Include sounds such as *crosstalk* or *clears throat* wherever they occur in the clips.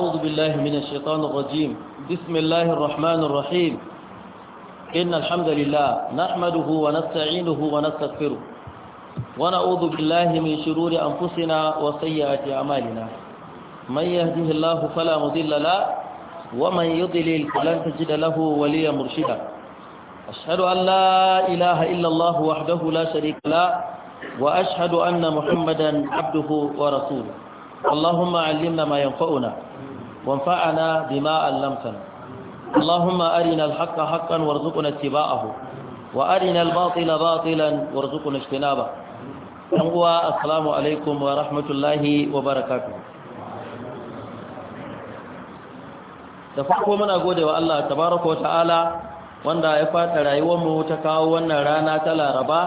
أعوذ بالله من الشيطان الرجيم بسم الله الرحمن الرحيم إن الحمد لله نحمده ونستعينه ونستغفره ونعوذ بالله من شرور أنفسنا وسيئات أعمالنا من يهده الله فلا مضل له ومن يضلل فلن تجد له وليا مرشدا أشهد أن لا إله إلا الله وحده لا شريك له وأشهد أن محمدا عبده ورسوله اللهم علمنا ما ينفعنا وانفعنا بما علمتنا اللهم أرنا الحق حقا وارزقنا اتباعه وأرنا الباطل باطلا وارزقنا اجتنابه هو السلام عليكم ورحمة الله وبركاته da farko muna gode wa Allah tabaraka wa ta'ala wanda ya fata rayuwarmu ta kawo wannan rana ta Laraba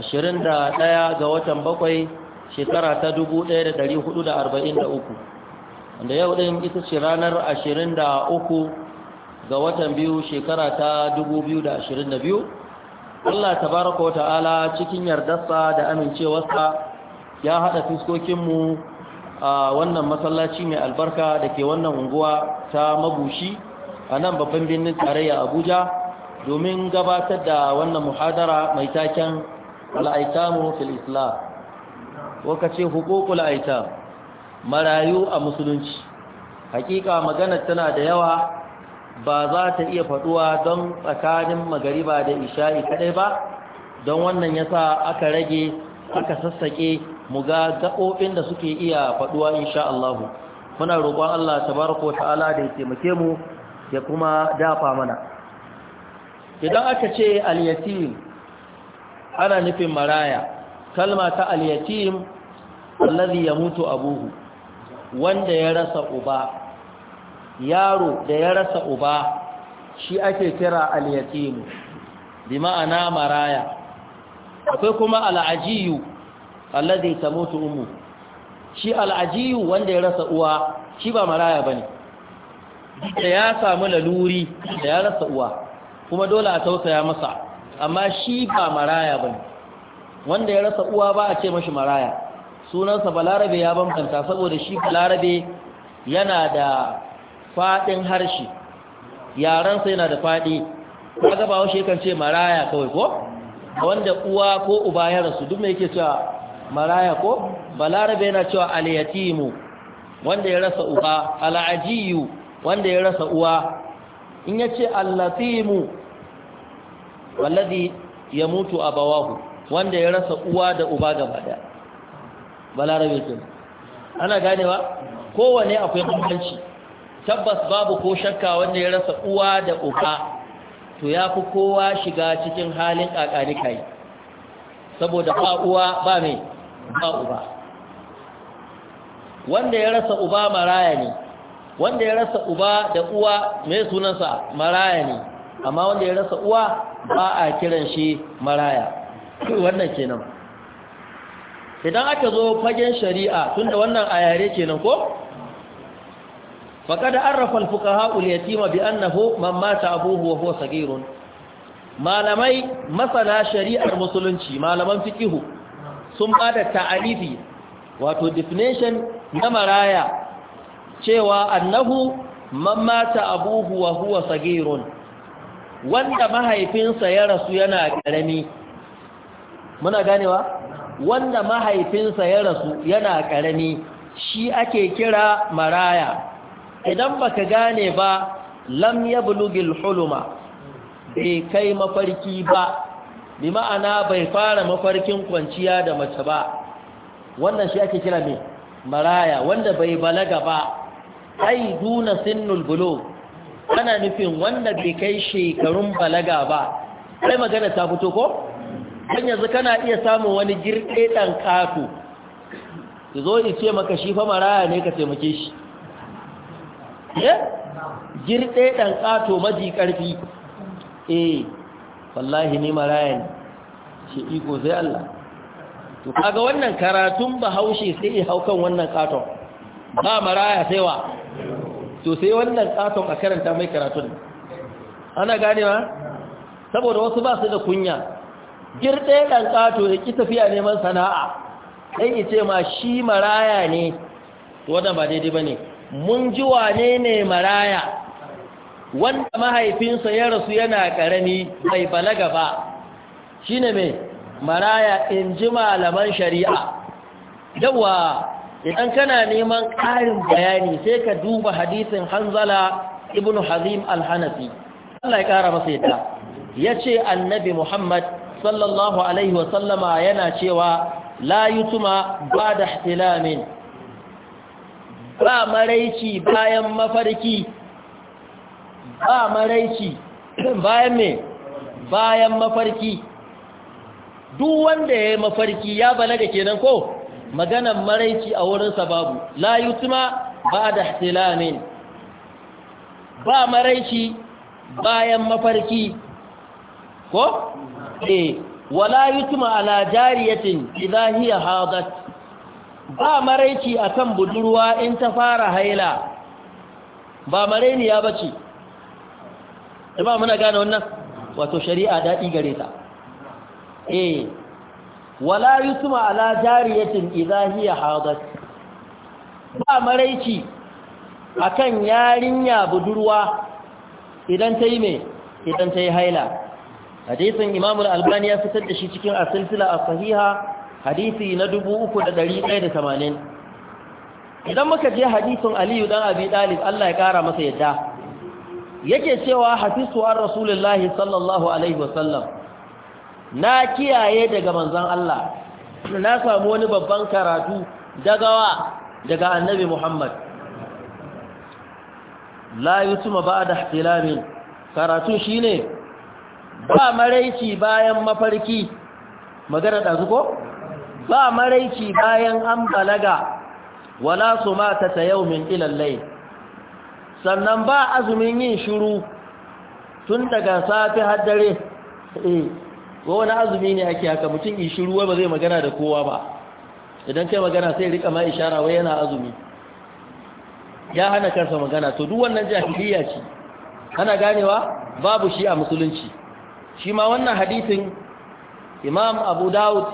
21 ga watan bakwai. shekara ta 1443 wanda yau ɗin ita ce ranar 23 ga watan biyu shekara ta 2022 Allah tabaraka wa ta'ala cikin yardarsa da amincewarsa ya haɗa fiskokinmu a wannan masallaci mai albarka da ke wannan unguwa ta mabushi a nan babban birnin tarayya abuja domin gabatar da wannan muhadara mai taken al'aikamu fil islam waka ce hukukul aita marayu a musulunci hakika magana tana da yawa ba za ta iya faduwa don tsakanin magariba da isha'i kadai ba don wannan yasa aka rage aka sassake muga gaɓoɓin da suke iya faduwa insha Allah muna roƙon Allah tabaraka ta'ala da ya taimake mu ya kuma dafa mana idan aka ce al-yatim ana nufin maraya kalma ta al-yatim allazi yamutu abuhu wanda ya rasa uba yaro da ya rasa uba shi ake kira al-yatim bi ma'ana maraya akwai kuma al-ajiyu allazi tamutu ummu shi al-ajiyu wanda ya rasa uwa shi ba maraya bane da ya samu laluri da ya rasa uwa kuma dole a tausaya masa amma shi ba maraya bane wanda ya rasa uwa ba a ce mashi maraya sunansa balarabe ya bambanta saboda shi balarabe yana da faɗin harshe yarensa yana da faɗi kaga ba washe kan ce maraya kawai ko wanda uwa ko uba ya rasu duk me yake cewa maraya ko balarabe yana cewa alyatimu wanda ya rasa uba alajiyu wanda ya rasa uwa in yace allatimu wallazi yamutu abawahu wanda ya rasa uwa da uba gaba daya balarabe ke ana ganewa kowane akwai bambanci tabbas babu ko shakka wanda ya rasa uwa da uba to ya fi kowa shiga cikin halin ƙaƙani kai saboda ba uwa ba mai ba uba wanda ya rasa uba maraya ne wanda ya rasa uba da uwa mai sunansa maraya ne amma wanda ya rasa uwa ba a kiran shi maraya wannan kenan idan aka zo fagen shari'a tun da wannan a yare kenan ko faqad arrafa alfuka haƙul yatima bi annahu man mata abuhu abubuwa, huwa malamai masana shari'ar musulunci malaman fikihu sun bada ta'arifi wato definition na maraya cewa annahu man mata abuhu huwa wanda mahaifinsa ya rasu yana ƙarami muna ganewa wanda mahaifinsa ya rasu yana ƙarami shi ake kira maraya idan baka gane ba lam ya bulugil huluma bai kai mafarki ba bi ma'ana bai fara mafarkin kwanciya da mace ba wannan shi ake kira mai maraya wanda bai balaga ba ai duna sinnul bulo ana nufin wanda bai kai shekarun balaga ba sai magana ta fito ko don yanzu kana iya samun wani girɗe ɗan ƙato su zo in ce maka shi fa maraya ne ka taimake shi eh? girɗe ɗan ƙato maji ƙarfi eh wallahi ni maraya ne ce iko sai Allah to kaga wannan karatun bahaushe sai ya hau kan wannan ƙaton ba maraya sai wa to sai wannan ƙaton a karanta mai karatun ana ganewa saboda wasu ba su da kunya girɗe ɗan ƙato da ƙi tafiya neman sana'a ɗan ice ma shi maraya ne wadda ba daidai ba ne mun ji wane ne maraya wanda mahaifinsa ya rasu yana ƙarami bai balaga ba shi ne mai maraya in ji malaman shari'a yawwa idan kana neman ƙarin bayani sai ka duba hadisin hanzala ibn hazim al-hanafi Allah ya ƙara masa yadda ya ce annabi muhammad sallallahu alaihi wasallama yana cewa la yutuma ba da ihtilamin ba maraici bayan mafarki ba maraici *clears throat* bayan me bayan mafarki duk wanda ya yi mafarki ya balaga kenan ko maganan maraici a wurin babu la yutuma ba da ihtilamin ba maraici bayan mafarki ko eh wala tuma ala jariyatin idha hiya hadat ba maraici akan budurwa in ta fara haila ba maraini ya bace ba muna gane wannan wato shari'a daɗi gare ta e wala tuma ala jariyatin idha hiya hadat ba maraici akan yarinya budurwa idan ta yi mai idan ta yi haila hadisin Imam al-Albani ya fitar da shi cikin asilsila silsila a sahiha hadisi na dubu da da tamanin. idan muka je hadisin Aliyu dan Abi Talib Allah ya kara masa yadda yake cewa hafisu an rasulullahi sallallahu alaihi wasallam na kiyaye daga manzon Allah na samu wani babban karatu daga wa daga annabi Muhammad la yutuma ba'da ihtilamin karatu shine ba maraici bayan mafarki magana ɗazu ko ba maraici bayan an balaga wala su mata ta yau min ilallai sannan ba azumin yin shiru tun daga safi haddare eh, Ko wani azumi ne ake haka mutum yi shiru ba zai magana da kowa ba idan kai magana sai rika ma ishara wai yana azumi ya hana kansa magana to duk wannan jahiliya ce ana ganewa babu shi a musulunci shi ma wannan hadisin imam abu Da'ud,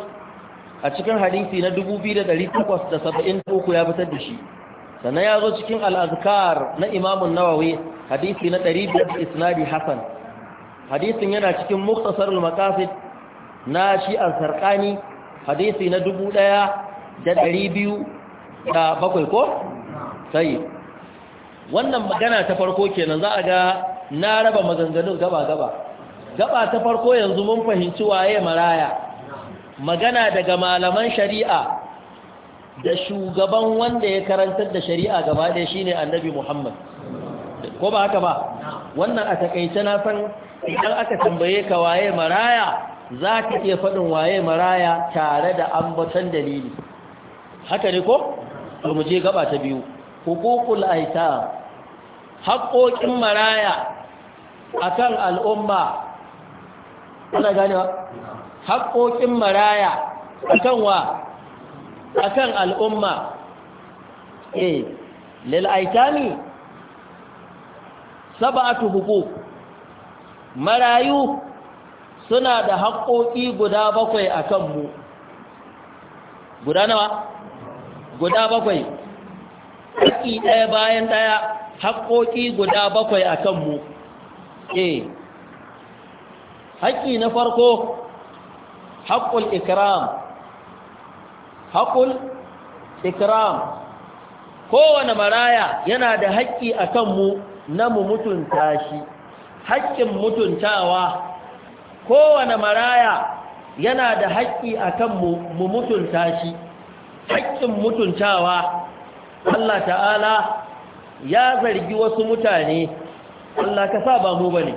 a cikin hadisi na 2873 ya fitar da shi sannan ya zo cikin al'azkar na imamun nawawi hadisi na 500 isnadi Hassan, hadisin yana cikin muktasar al-maqasid na shi al sarkani hadisi na 1207 ko sai wannan magana ta farko kenan za a ga na raba maganganun gaba gaba gaba ta farko yanzu mun fahimci waye maraya magana daga malaman shari'a da shugaban wanda ya karantar da shari'a gaba ɗaya shine annabi Muhammad ko ba haka ba wannan a takaice na san idan aka tambaye ka waye maraya za ka iya faɗin waye maraya tare da ambaton dalili haka ne ko? mu je gaba ta biyu hukukul aita haƙoƙin maraya akan al'umma ana ganewa haƙoƙin maraya akan wa akan al'umma eh lil aitami sab'atu huquq marayu suna da haƙoƙi guda bakwai akan mu guda nawa guda bakwai haƙi ɗaya bayan ɗaya haƙoƙi guda bakwai akan mu eh haƙƙi na farko haƙƙul ikram haƙƙul ikram kowane maraya yana da haƙƙi a kanmu na mu mutunta shi haƙƙin mutuntawa kowane maraya yana da haƙƙi a kanmu mu mutunta shi haƙƙin mutuntawa Allah ta'ala ya zargi wasu mutane Allah ka sa ba mu bane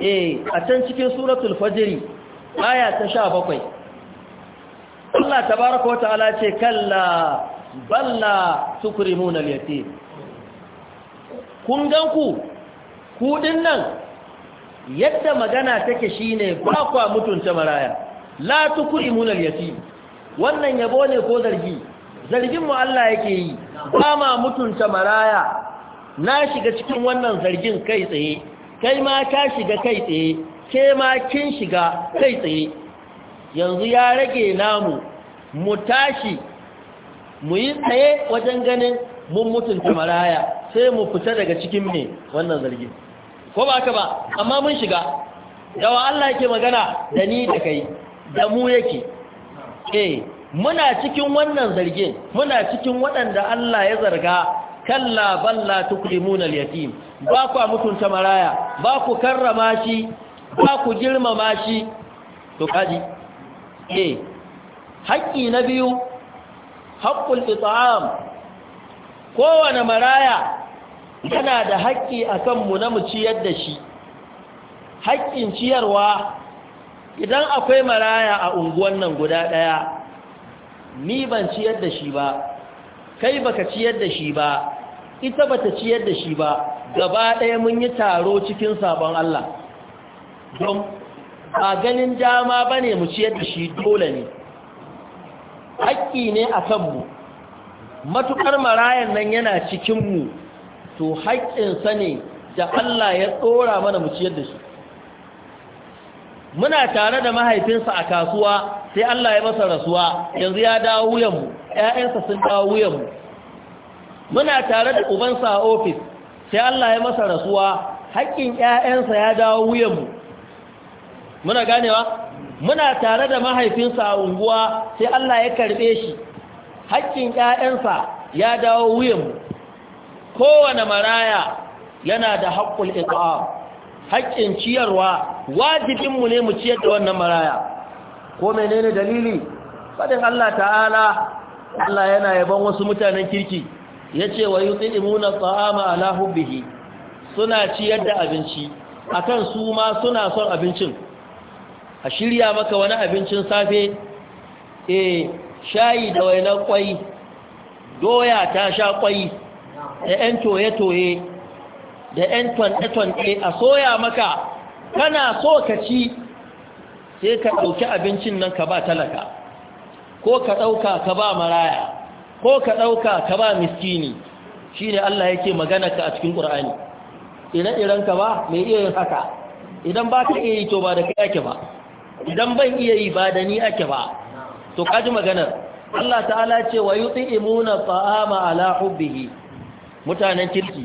eh a can cikin suratul fajiri aya ta sha bakwai. Allah baraka wa ta'ala ce kalla balla tukrimuna al kun ganku ku nan yadda magana take shine ba kwa mutunta maraya la tukuri, al wannan yabo ne ko zargi zargin mu Allah yake yi ba ma mutunta maraya na shiga cikin wannan zargin kai tsaye kai ma ka shiga kai tsaye ke ma kin shiga kai tsaye yanzu ya rage namu mu tashi mu yi tsaye wajen ganin mun mutunta maraya sai mu fita daga cikin mai wannan zargin ko ba ka ba amma mun shiga yawa Allah yake magana da ni da kai da mu yake eh muna cikin wannan zargin muna cikin waɗanda Allah ya zarga kalla balla tukrimuna al-yatim ba ku mutunta maraya ba ku karrama shi ba ku girmama shi to kaji eh haƙƙi na biyu haƙƙul it'am kowane maraya yana da haƙƙi a mu na mu ciyar da shi haƙƙin ciyarwa idan akwai maraya a unguwan nan guda ɗaya ni ban ciyar da shi ba kai baka ciyar da shi ba ita bata ciyar da shi ba gaba ɗaya mun yi taro cikin sabon Allah don a ganin dama ba ne mu ciyar da shi dole ne haƙƙi ne a kanmu matuƙar marayan nan yana cikinmu to haƙƙinsa ne da Allah ya tsora mana mu ciyar da shi muna tare da mahaifinsa a kasuwa sai Allah ya masa rasuwa yanzu ya dawo wuyanmu ‘ya'yansa sun dawo wuyanmu muna tare da ubansa a ofis sai Allah ya masa rasuwa haƙƙin ƴaƴansa ya dawo wuyanmu muna ganewa muna tare da mahaifinsa a unguwa sai Allah ya karɓe shi haƙƙin ƴaƴansa ya dawo wuyanmu kowane maraya yana da haƙƙul iqam haƙƙin ciyarwa wajibinmu ne mu ciyar da wannan maraya ko menene dalili fadin Allah ta'ala Allah yana yaban wasu mutanen kirki Ya ce wa yut'imuna at'ama ala hubbihi suna ciyar da abinci akan su ma suna son abincin a shirya maka wani abincin safe eh shayi da wainan kwai doya ta sha kwai da yan toye-toye da yan tonɗe-tonɗe a soya maka kana so ka ci sai ka ɗauki abincin nan ka ba talaka ko ka ɗauka ka ba maraya ko ka ɗauka ka ba miskini shi ne Allah yake magana ka a cikin ƙur'ani ire-iren ka ba mai iya yin haka idan ba ka iya yi to ba da kai ake ba idan ban iya yi ba da ni ake ba to kaji maganar Allah ta'ala ce wa yi yuti'imuna ta'ama ala hubbihi mutanen kirki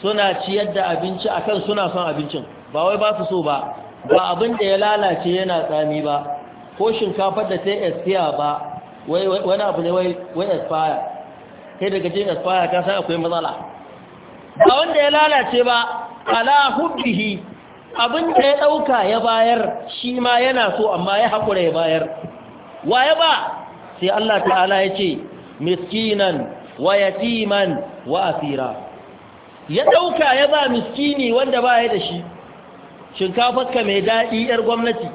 suna ciyar da abinci a kan suna son abincin ba wai ba su so ba ba abin da ya lalace yana tsami ba ko shinkafar da ta yi ba wani abu ne wai aspire kai daga jin aspire ka sai akwai matsala ba wanda ya lalace ba ala hubbihi abin da ya ɗauka ya bayar shi ma yana so amma ya haƙura ya bayar waye ba sai Allah ta'ala ya ce miskinan wa yatiman wa asira ya ɗauka ya ba miskini wanda ba ya da shi ka mai daɗi 'yar gwamnati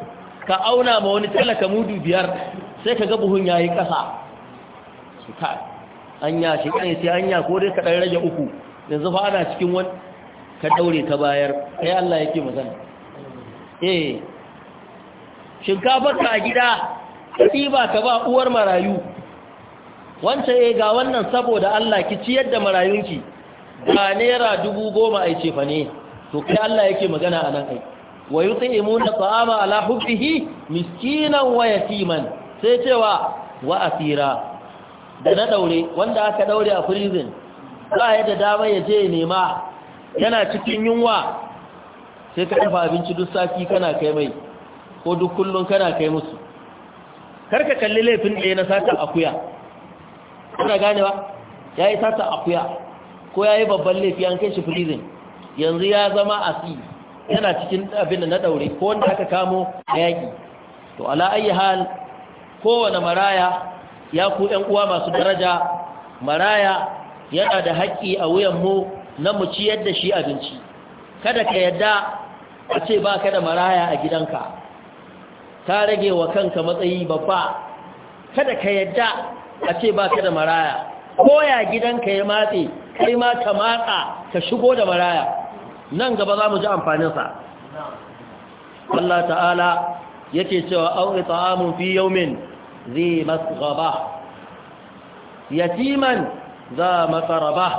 ka auna ma wani talaka mudu biyar sai ka ga buhun yayi kasa su ka anya shi kai sai anya ko dai ka dan rage uku yanzu fa ana cikin wani ka daure ka bayar kai Allah yake magana eh shinkafar ka gida ba ka ba uwar marayu wancan eh ga wannan saboda Allah ki ciyar da marayunki ga naira dubu goma ai fa ne to kai Allah yake magana a nan ai wa yut'imuna ta'ama ala hubbihi miskinan wa yatiman sai cewa wa asira da na daure wanda aka daure a prison ba ya da dama ya je nema yana cikin yunwa sai ka dafa abinci duk safi kana kai mai ko duk kullun kana kai musu karka kalli laifin ɗaya na sata akuya kuna gane ba ya yi sata akuya ko ya yi babban laifi an kai shi prison yanzu ya zama asiri yana cikin abin da na daure ko wanda aka kamo a yaƙi to ala ayi kowane maraya ya ku yan uwa masu daraja maraya yana da haƙƙi a wuyan mu na mu ciyar da shi abinci kada ka yadda a ce ba ka da maraya a gidanka ka rage wa kanka matsayi babba kada ka yadda a ce ba ka da maraya koya gidanka ya matse kai ma ka matsa ka shigo da maraya nan gaba za mu ji amfaninsa Allah ta'ala yake cewa auri ta'amun fi yaumin ذي مسغبة يتيما ذا مقربة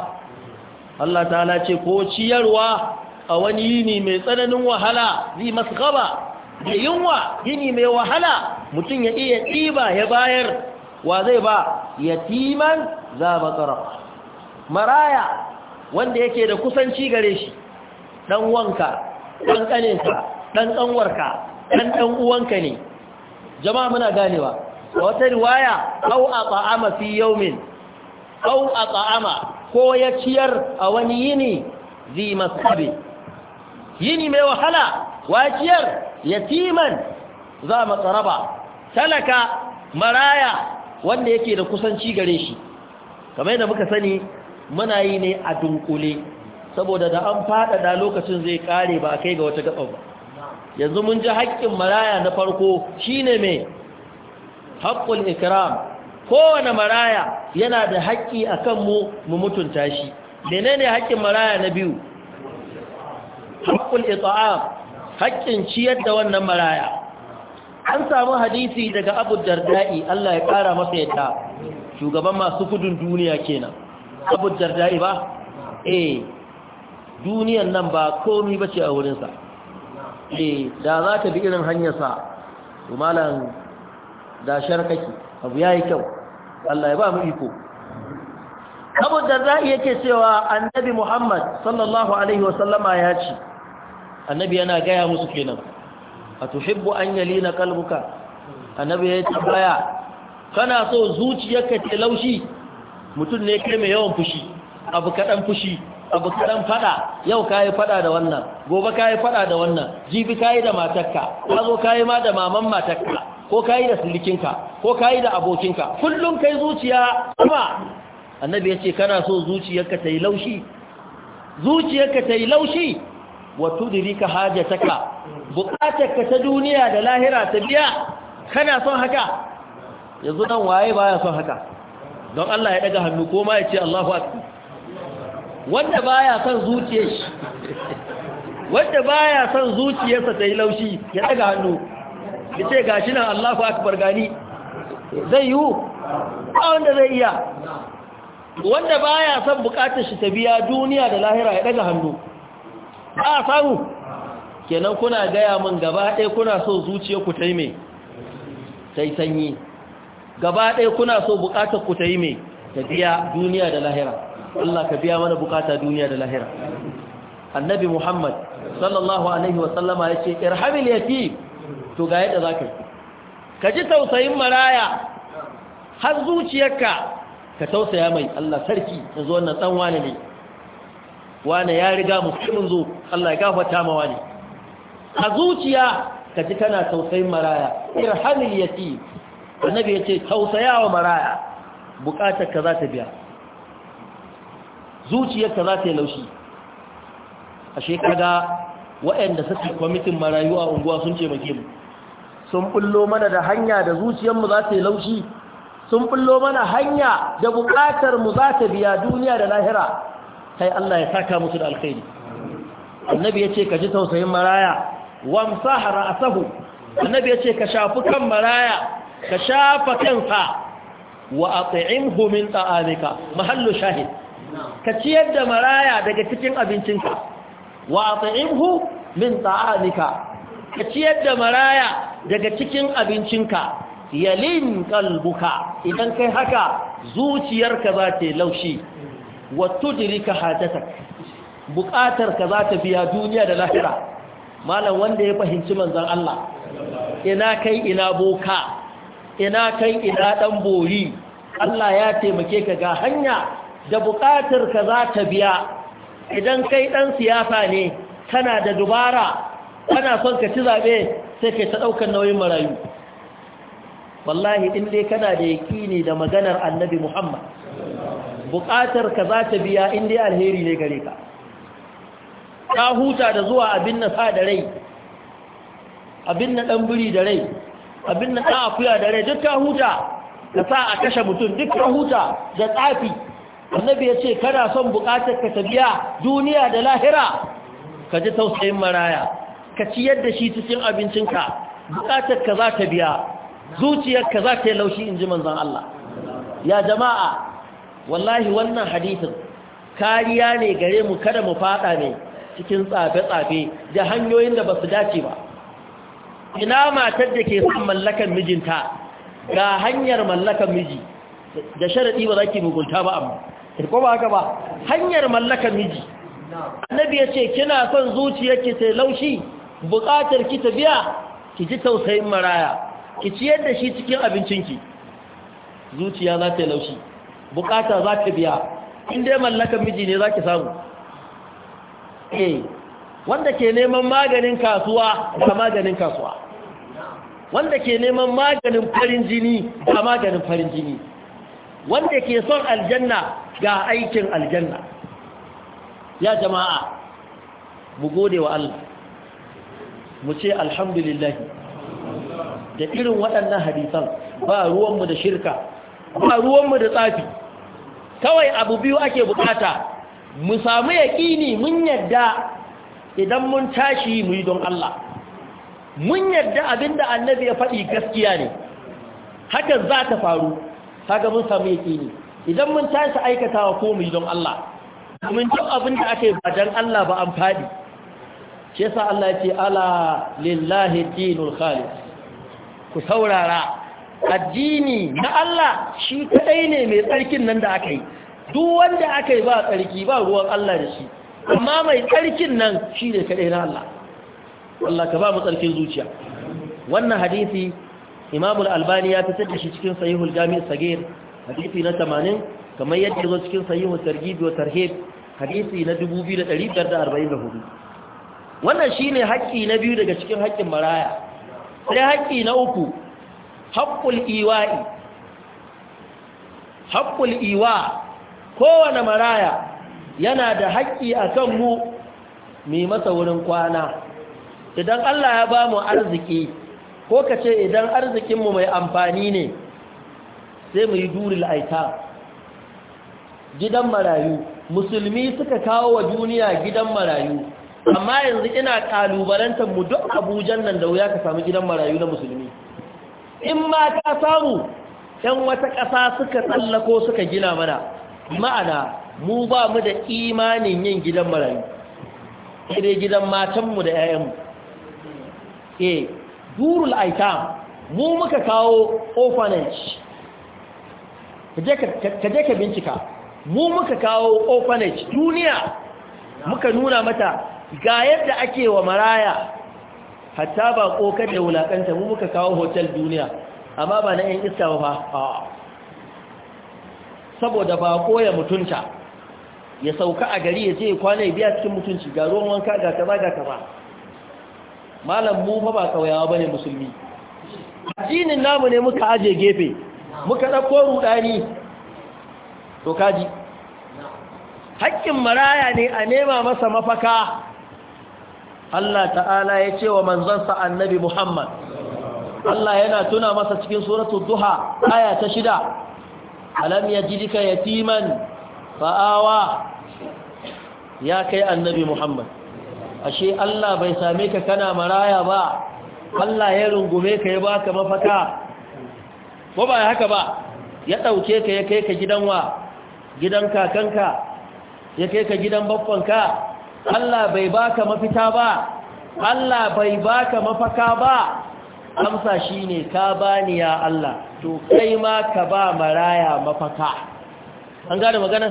Allah ta'ala ce ko ciyarwa a wani yini mai tsananin wahala zai masgaba da yunwa yini mai wahala mutum ya iya ɗiba ya bayar wa zai ba yatiman za matsara maraya wanda yake da kusanci gare shi ɗan wanka ɗan ƙaninka ɗan ƙanwarka ɗan ɗan uwanka ne jama'a muna ganewa wata riwaya au a ta'ama fi yawmin au a ta'ama ko ya ciyar a wani yini zi masabi yini mai wahala wa ciyar yatiman za matsaraba talaka maraya wanda yake da kusanci gare shi kamar yadda muka sani muna yi ne a dunkule saboda da an faɗaɗa lokacin zai kare ba a kai ga wata gaba yanzu mun ji haƙƙin maraya na farko shine mai haƙƙul ikram kowane maraya yana da haƙƙi a kan mu mu mutunta shi Menene ne haƙƙin maraya na biyu haƙƙul ita'am haƙƙin ciyar da wannan maraya an samu hadisi daga abu darda'i Allah ya ƙara masa yadda shugaban masu kudin duniya kenan abu ba e duniyan nan ba komi bace a wurinsa E da za ta bi irin hanyarsa malam da sharkaki abu yayi kyau Allah ya ba mu iko Abu Darda yake cewa Annabi Muhammad sallallahu alaihi wasallama ya ce Annabi yana gaya musu kenan atuhibbu an yalina qalbuka Annabi ya baya. kana so zuciyarka ta laushi mutum ne kai mai yawan fushi abu kadan fushi abu kadan fada yau kai fada da wannan gobe kai fada da wannan jibi kai da matarka kazo kai ma da maman matarka ko ka yi da sullikinka ko ka yi da abokinka kullum kai zuciya kuma. annabi ya ce kana so zuciyarka ta yi laushi zuciyarka ta yi laushi wato dirika hajjataka bukatarka ta duniya da lahira ta biya kana son haka yanzu nan waye baya son haka don Allah ya daga hannu ko ma ya ce Allahu akbar wanda baya son zuciyar *laughs* wanda baya son zuciyarsa ta yi laushi ya daga hannu ya ce ga shi nan allahu akbar gani zai yiwu ba wanda zai iya wanda baya son bukatar shi ta biya duniya da lahira ya daga hannu ba a samu kenan kuna gaya min gaba ɗaya kuna so zuciya ku ta yi mai ta yi sanyi gaba ɗaya kuna so bukatar ku ta yi mai ta biya duniya da lahira Allah ka biya mana bukata duniya da lahira annabi muhammad sallallahu alaihi wasallama ya ce irhamil yatim to ga yadda za ka yi ka ji tausayin maraya har zuciyarka ka tausaya mai Allah sarki yanzu wannan dan wane ne wani ya riga musulmin zo Allah ya gafarta ma wane a zuciya ka ji kana tausayin maraya irhamil yatim annabi yace tausayawa maraya bukatar ka za ta biya zuciyarka za ta yi laushi ashe kaga waɗanda suka kwamitin marayu a unguwa sun ce mu sun bullo mana da hanya da zuciyarmu za ta yi laushi sun bullo mana hanya da buƙatar mu za ta biya duniya da lahira sai Allah ya saka musu da alkhairi annabi ya ce ka ji tausayin maraya wamsaha Asahu. annabi ya ce ka shafi kan maraya ka shafa kansa wa at'imhu min ta'amika mahallu shahid ka ciyar da maraya daga cikin abincinka wa at'imhu min ta'amika ka ciyar da maraya daga cikin abincinka yalin kalbuka idan kai haka zuciyarka za ta yi laushi wato dirika hadatak bukatarka za ta biya duniya da lahira malam wanda ya fahimci manzan Allah ina kai ina boka ina kai ina dan bori Allah ya taimake ka ga hanya da bukatarka za ta biya idan kai dan siyasa ne kana da dubara kana son ka ci zaɓe sai kai ta ɗaukar nauyin marayu wallahi in dai kana da ne da maganar annabi muhammad buƙatar ka za ta biya in dai alheri ne gare ka ka huta da zuwa abin na sa da rai abin na ɗan biri da rai abin na ɗan akuya da rai duk ka huta ka sa a kashe mutum duk ka huta da tsafi annabi ya ce kana son buƙatar ka ta biya duniya da lahira ka ji tausayin maraya ka ciyar da shi cikin abincinka bukatar ka za ta biya zuciyarka za ta yi laushi in ji manzan Allah ya jama'a wallahi wannan hadithin kariya ne gare mu kada mu fada ne cikin tsafe-tsafe da hanyoyin da ba su dace ba ina matar da ke son mallakan mijinta ga hanyar mallakan miji da sharaɗi ba za ki mugunta ba amma ko ba haka ba hanyar mallakan miji annabi ya ce kina son zuciyarki sai laushi buƙatar ki ta biya ki ji tausayin maraya ki ciyar da shi cikin abincinki zuciya za ta yi laushi buƙata za ta biya in dai mallaka miji ne za ki samu e wanda ke neman maganin kasuwa ga maganin kasuwa wanda ke neman maganin farin jini ga maganin farin jini wanda ke son aljanna ga aikin aljanna ya jama'a mu gode wa Allah mu ce alhamdulillah da irin waɗannan hadisan ba ruwanmu da shirka ba ruwanmu da tsafi kawai abu biyu ake bukata mu samu yaƙini mun yadda idan mun tashi mu yi don Allah mun yadda abinda annabi ya faɗi gaskiya ne haka za ta faru haka mun samu yaƙini idan mun tashi aikatawa ko mu yi don Allah mun duk abinda ake ba don Allah ba an faɗi shi yasa Allah ya ce ala lillahi dinul khalis ku saurara addini na Allah shi kadai ne mai tsarkin nan da aka yi duk wanda aka yi ba tsarki ba ruwan Allah da shi amma mai tsarkin nan shi ne kadai na Allah Allah ka ba mu tsarkin zuciya wannan hadisi Imam al-Albani ya fitar da shi cikin Sahihul Jami' Sagir hadisi na 80 kamar yadda zo cikin Sahihul Targhib wa Tarhib hadisi na 2544 wannan shine haƙƙi na biyu daga cikin haƙƙin maraya sai haƙƙi na uku haƙƙul iwa'i haƙƙul iwa kowane maraya yana da haƙƙi a kan mu mai masa wurin kwana idan Allah ya ba mu arziki ko ka ce idan arzikinmu mai amfani ne sai mu yi duril aita gidan marayu musulmi suka kawo wa duniya gidan marayu amma yanzu ina kalubalantar mu duk abujan nan da wuya ka samu gidan marayu na musulmi in ma ta samu yan wata ƙasa suka tsallako suka gina mana ma'ana mu ba mu da imanin yin gidan marayu sai gidan matanmu da 'ya'yanmu E, durul aita mu muka kawo orphanage ka je ka bincika mu muka kawo orphanage duniya muka nuna mata ga yadda ake wa maraya hatta ba kokar da wulakanta mu muka kawo hotel duniya amma ba na 'yan iska ba saboda ba koya mutunta ya sauka a gari ya je ya kwana ya biya cikin mutunci ga ruwan wanka ga kaza ga kaza malam mu fa ba kauyawa bane musulmi addinin namu ne muka aje gefe muka ɗauko rudani to kaji hakkin maraya ne a nema masa mafaka Allah ta'ala ya ce wa manzansa annabi Muhammad Allah yana tuna masa cikin suratu duha aya ta shida alam yajidika yatiman fa'awa ya kai annabi Muhammad ashe Allah bai same ka kana maraya ba Allah ya rungume ka ya baka mafaka ko ba haka ba ya dauke ka ya kai ka gidan wa gidan kakanka ya kai ka gidan baffanka Allah bai baka mafita ba Allah bai baka mafaka ba amsa ne ka bani ya Allah to kai ma ka ba maraya mafaka an gane magana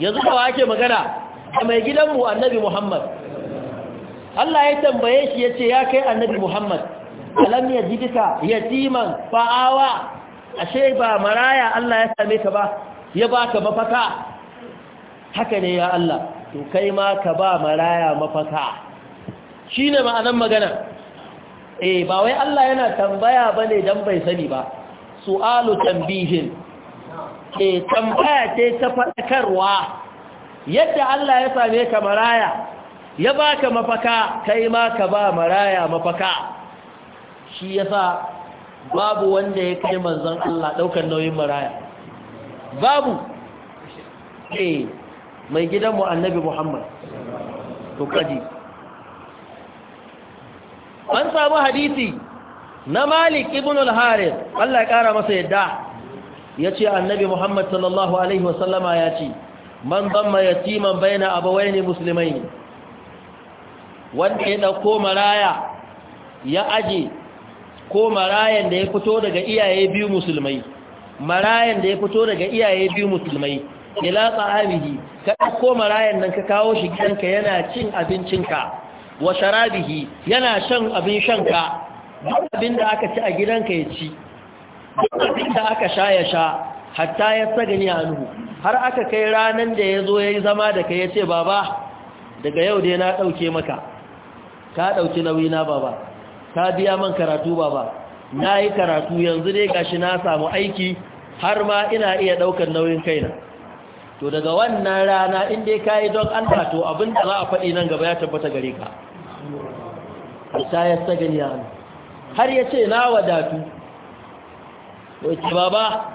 yanzu kawa ake magana a mai gidanmu annabi Muhammad Allah ya tambaye shi ya ce ya kai annabi Muhammad alam yajidika yatiman fa'awa ashe ba maraya Allah ya same ka ba ya baka mafaka haka ne ya Allah to kai ma ka ba maraya mafaka shi ne ma'anan magana eh ba wai Allah yana tambaya ba ne don bai sani ba su'alu tambihin eh tambaya ce ta faɗakarwa yadda Allah ya same ka maraya ya baka mafaka kai ma ka ba maraya mafaka shi yasa babu wanda ya kai manzon Allah ɗaukar nauyin maraya babu eh mai gidanmu annabi muhammad to kaji an samu hadisi na malik ibn al-haris Allah ya kara masa yadda yace annabi muhammad sallallahu alaihi wasallama yace man damma yatiman baina abawaini muslimaini wanda ya dauko maraya ya aje ko marayan da ya fito daga iyaye biyu musulmai marayan da ya fito daga iyaye biyu musulmai ila ta'amihi ka ɗauko marayan nan ka kawo shi gidanka yana cin abincinka wa sharabihi yana shan abin shanka duk abin da aka ci a gidanka ya ci duk abin da aka sha ya sha hatta ya tsagani a nuhu har aka kai ranar da ya zo ya yi zama da ka ya ce baba daga yau dai na ɗauke maka ka ɗauki nauyina baba ka biya man karatu baba na yi karatu yanzu dai gashi na samu aiki har ma ina iya ɗaukar nauyin kaina to daga wannan rana in dai kayi don Allah to abin da za a faɗi nan gaba ya tabbata gare ka ta ya sagani yana har ya ce na wadatu wace baba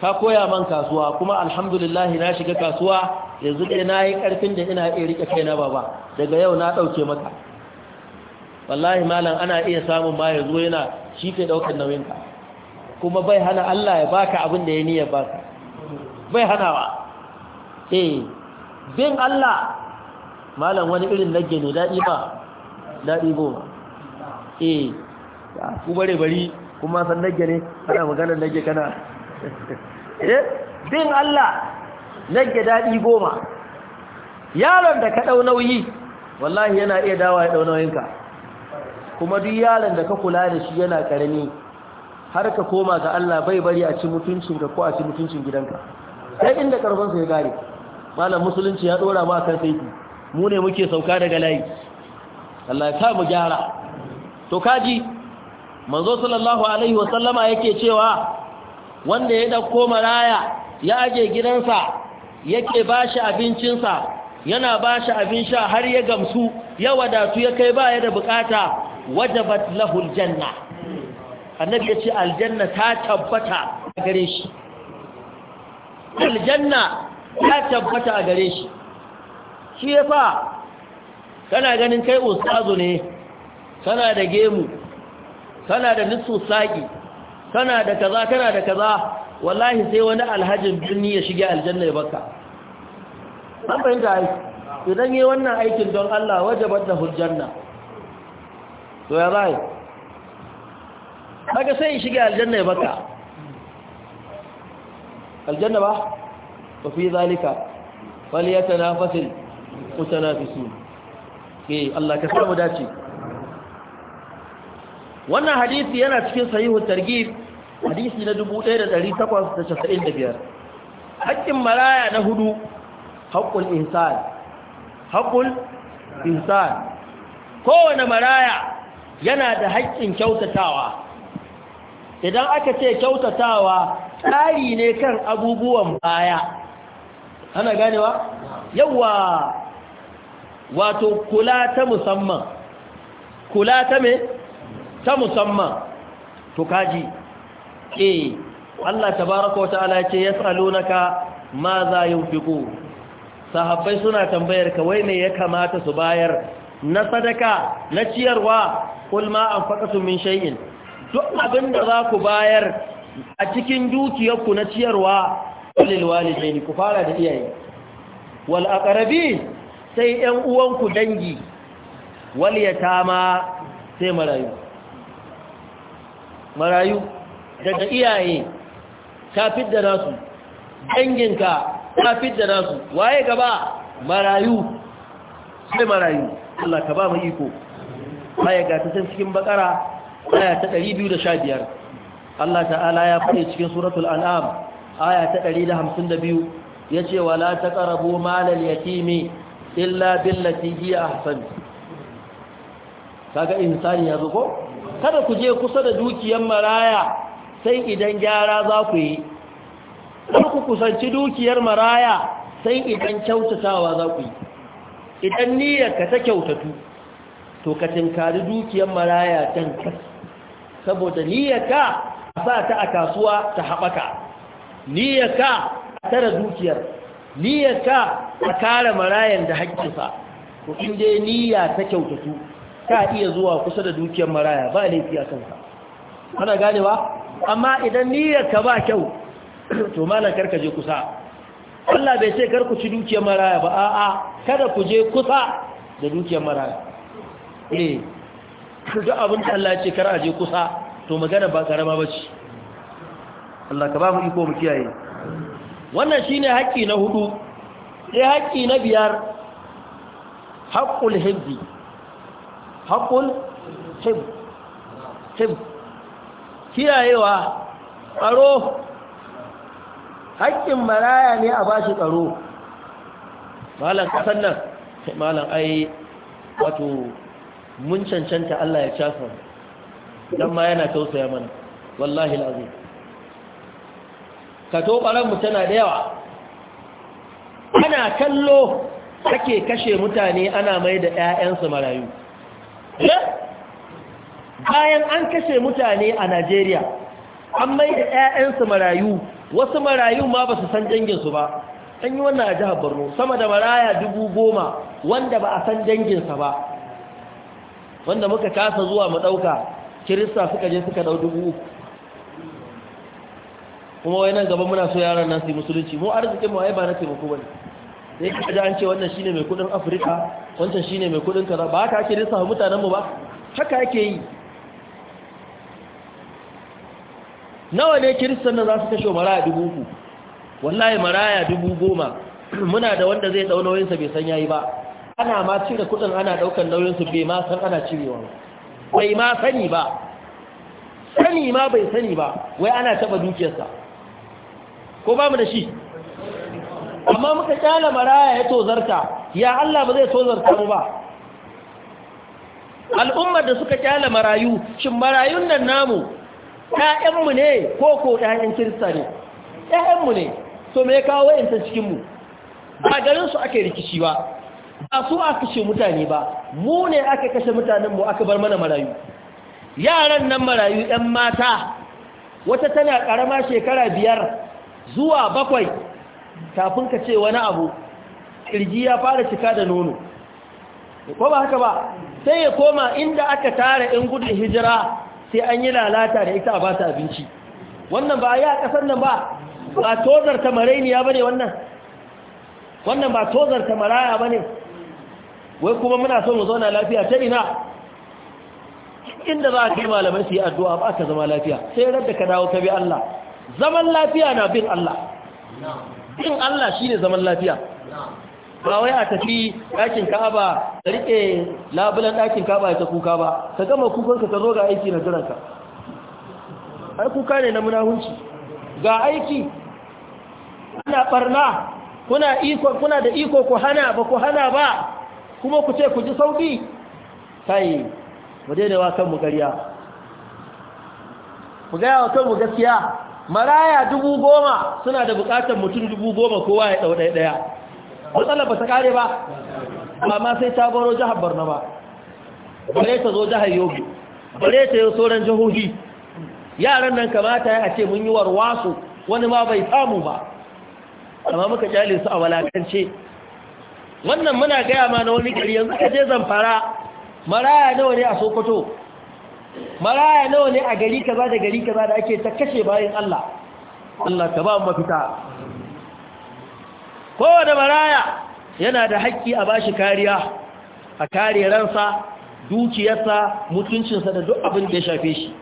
ka koya man kasuwa kuma alhamdulillah na shiga kasuwa yanzu dai na yi ƙarfin da ina iya riƙe kai na baba daga yau na ɗauke maka wallahi malam ana iya samun ma yanzu yana shi ke ɗaukar nauyinka kuma bai hana Allah ya baka abin da ya niyya baka bai hanawa eh bin Allah malam wani irin nage ne daɗi ba daɗi goma eh ku bare bari kuma san nage ne ana magana nage kana *laughs* eh bin Allah nage daɗi goma yaron da ka ɗau nauyi wallahi yana iya dawa ya ɗau nauyinka kuma duk yaron da ka kula da shi yana ƙarami har ka koma ga Allah bai bari a ci mutuncinka ko a ci mutuncin gidanka sai inda ƙarfinsa ya gare malam musulunci ya dora mu akan sai mu ne muke sauka daga layi Allah ya sa mu gyara to kaji manzo sallallahu alaihi wa sallama yake cewa wanda ya dauko maraya ya aje gidansa yake bashi sa yana ba shi abin sha har ya gamsu ya wadatu ya kai baya da bukata wajabat lahul janna annabi ya ce aljanna ta tabbata gare shi aljanna ya tabbata a gare shi shi ya fa kana ganin kai ustazu ne kana da gemu kana da nutsu saƙi kana da kaza kana da kaza wallahi sai wani alhajin birni ya shiga aljanna ya baka an fahimta ai idan yi wannan aikin don Allah wajabar da hujjanna to ya bai haka sai shiga aljanna ya baka aljanna ba fa fi zalika falyatanafasil mutanafisun eh Allah ka samu dace wannan hadisi yana cikin sahihu targhib hadisi na 1895 haƙƙin maraya na hudu haƙƙul ihsan kowane maraya yana da haƙƙin kyautatawa idan aka ce kyautatawa tsari ne kan abubuwan baya ana ganewa yawa wato kula ta musamman kula ta me ta musamman to kaji eh Allah tabaraka wataala yace yasalunaka ma za yunfiqu sahabbai suna tambayar ka wai me ya kamata su bayar na sadaka na ciyarwa kul ma anfaqatu min shay'in duk abinda za ku bayar a cikin dukiyarku na ciyarwa walil walidaini ku fara da iyaye wal aqrabi sai 'yan uwanku dangi wal yatama sai marayu marayu daga iyaye ka fidda nasu danginka ka fidda nasu waye gaba marayu sai marayu Allah ka ba mu iko aya ga ta cikin bakara aya ta 215 Allah ta'ala ya faɗi cikin suratul an'am aya ta 152 yace wala ya malal yatimi illa billati a ahsan kaga insani ya zuko kada ku je kusa da dukiyar maraya sai idan gyara za ku yi kada ku kusanci dukiyar maraya sai idan kyautatawa za ku yi idan niyyarka ta kyautatu to ka tinkari dukiyar maraya can kas saboda niyyarka sa ta a kasuwa ta haɓaka ka a tara dukiyar ka a kare marayan da haƙƙinsa ko in dai niyya ta kyautatu ka iya zuwa kusa da dukiyar maraya ba laifi a kansa ana gane ba amma idan ka ba kyau *clears throat* to mana karka je kusa Allah bai ce kar ku ci dukiyar maraya ba a'a kada ku je kusa da dukiyar maraya eh duk abin da Allah ya ce kar a je kusa to magana ba karama bace Allah ka ba mu iko mu kiyaye wannan shine haƙƙi na hudu sai haƙƙi na biyar haqqul hibbi haqqul hib hib kiyayewa tsaro haƙƙin maraya ne a bashi tsaro malam kasan nan malam ai wato mun cancanta Allah ya casa dan ma yana tausaya mana wallahi lazim ka to mu tana da yawa ana kallo ake kashe mutane ana mai da 'ya'yansu marayu eh? bayan an kashe mutane a najeriya an mai da 'ya'yansu marayu wasu marayu ma ba su san danginsu ba an yi wannan a jihar borno sama da maraya dubu goma wanda ba a san danginsa ba wanda muka kasa zuwa mu ɗauka kirista suka je suka ɗau dubu kuma wai nan gaba muna so yaran nan su yi musulunci mu arzikin mu ai ba na taimako bane sai ka ji an ce wannan shine mai kudin Afirka wancan shine mai kudin kaza ba haka ake lissafa mutanen mu ba haka ake yi nawa ne kiristan nan za su kashe maraya dubu uku wallahi maraya dubu goma *clears throat* muna da wanda zai dau nauyinsa bai san yayi ba ana ma cire kudin ana daukan nauyinsu bai ma san ana cirewa bai ma sani ba sani ma bai sani ba wai ana taba dukiyarsa ko ba mu da shi amma muka kyala maraya ya tozarta ya Allah ba zai tozarta mu ba al'ummar da suka kyala marayu shin marayun nan namu ƴaƴanmu ne ko ko ƴaƴan kirista ne ƴaƴanmu ne to me kawo wa'inta cikinmu ba garin su ake rikici ba ba su aka kashe mutane ba mu ne aka kashe mutanenmu aka bar mana marayu yaran nan marayu 'yan mata wata tana ƙarama shekara biyar zuwa bakwai kafin ka ce wani abu ƙirji ya fara cika da nono ko ba haka ba sai ya koma inda aka tara in gudun hijira sai an yi lalata da ita a ba ta abinci wannan ba ya kasan nan ba ba tozar tamarainiya bane wannan wannan ba tozar tamaraya ne wai kuma muna so mu zauna lafiya ta ina inda za a kai malamai su yi addu'a ba ka zama lafiya sai radda ka dawo ka bi Allah zaman lafiya na bin Allah bin Allah shi ne zaman lafiya ba wai a tafi ɗakin kaba da riƙe labulan ɗakin kaba ya ta kuka ba ka gama kukanka ka zo ga aiki na jiranka ai kuka ne na munahunci ga aiki ana ɓarna kuna iko kuna da iko ku hana ba ku hana ba kuma ku ce ku ji sauƙi kai mu daina wa kanmu ƙarya Ku gaya wa kanmu gaskiya maraya dubu goma suna da bukatar mutum dubu goma kowa ya ɗau ɗaya ɗaya matsalar ba ta kare ba ba ma sai ta baro jihar barna ba bare ta zo jihar yobe bare ta yi sauran jihohi yaran nan kamata ya ce mun yi warwasu wani ma bai samu ba amma muka kyale su a walakance wannan muna gaya ma na wani gari yanzu ka je zamfara maraya nawa ne a sokoto maraya nawa ne a gari kaza da gari kaza da ake ta kashe bayan Allah Allah ta ba mu mafita kowane maraya yana da haƙƙi a bashi kariya a kare ransa dukiyarsa mutuncinsa da duk abin da ya shafe shi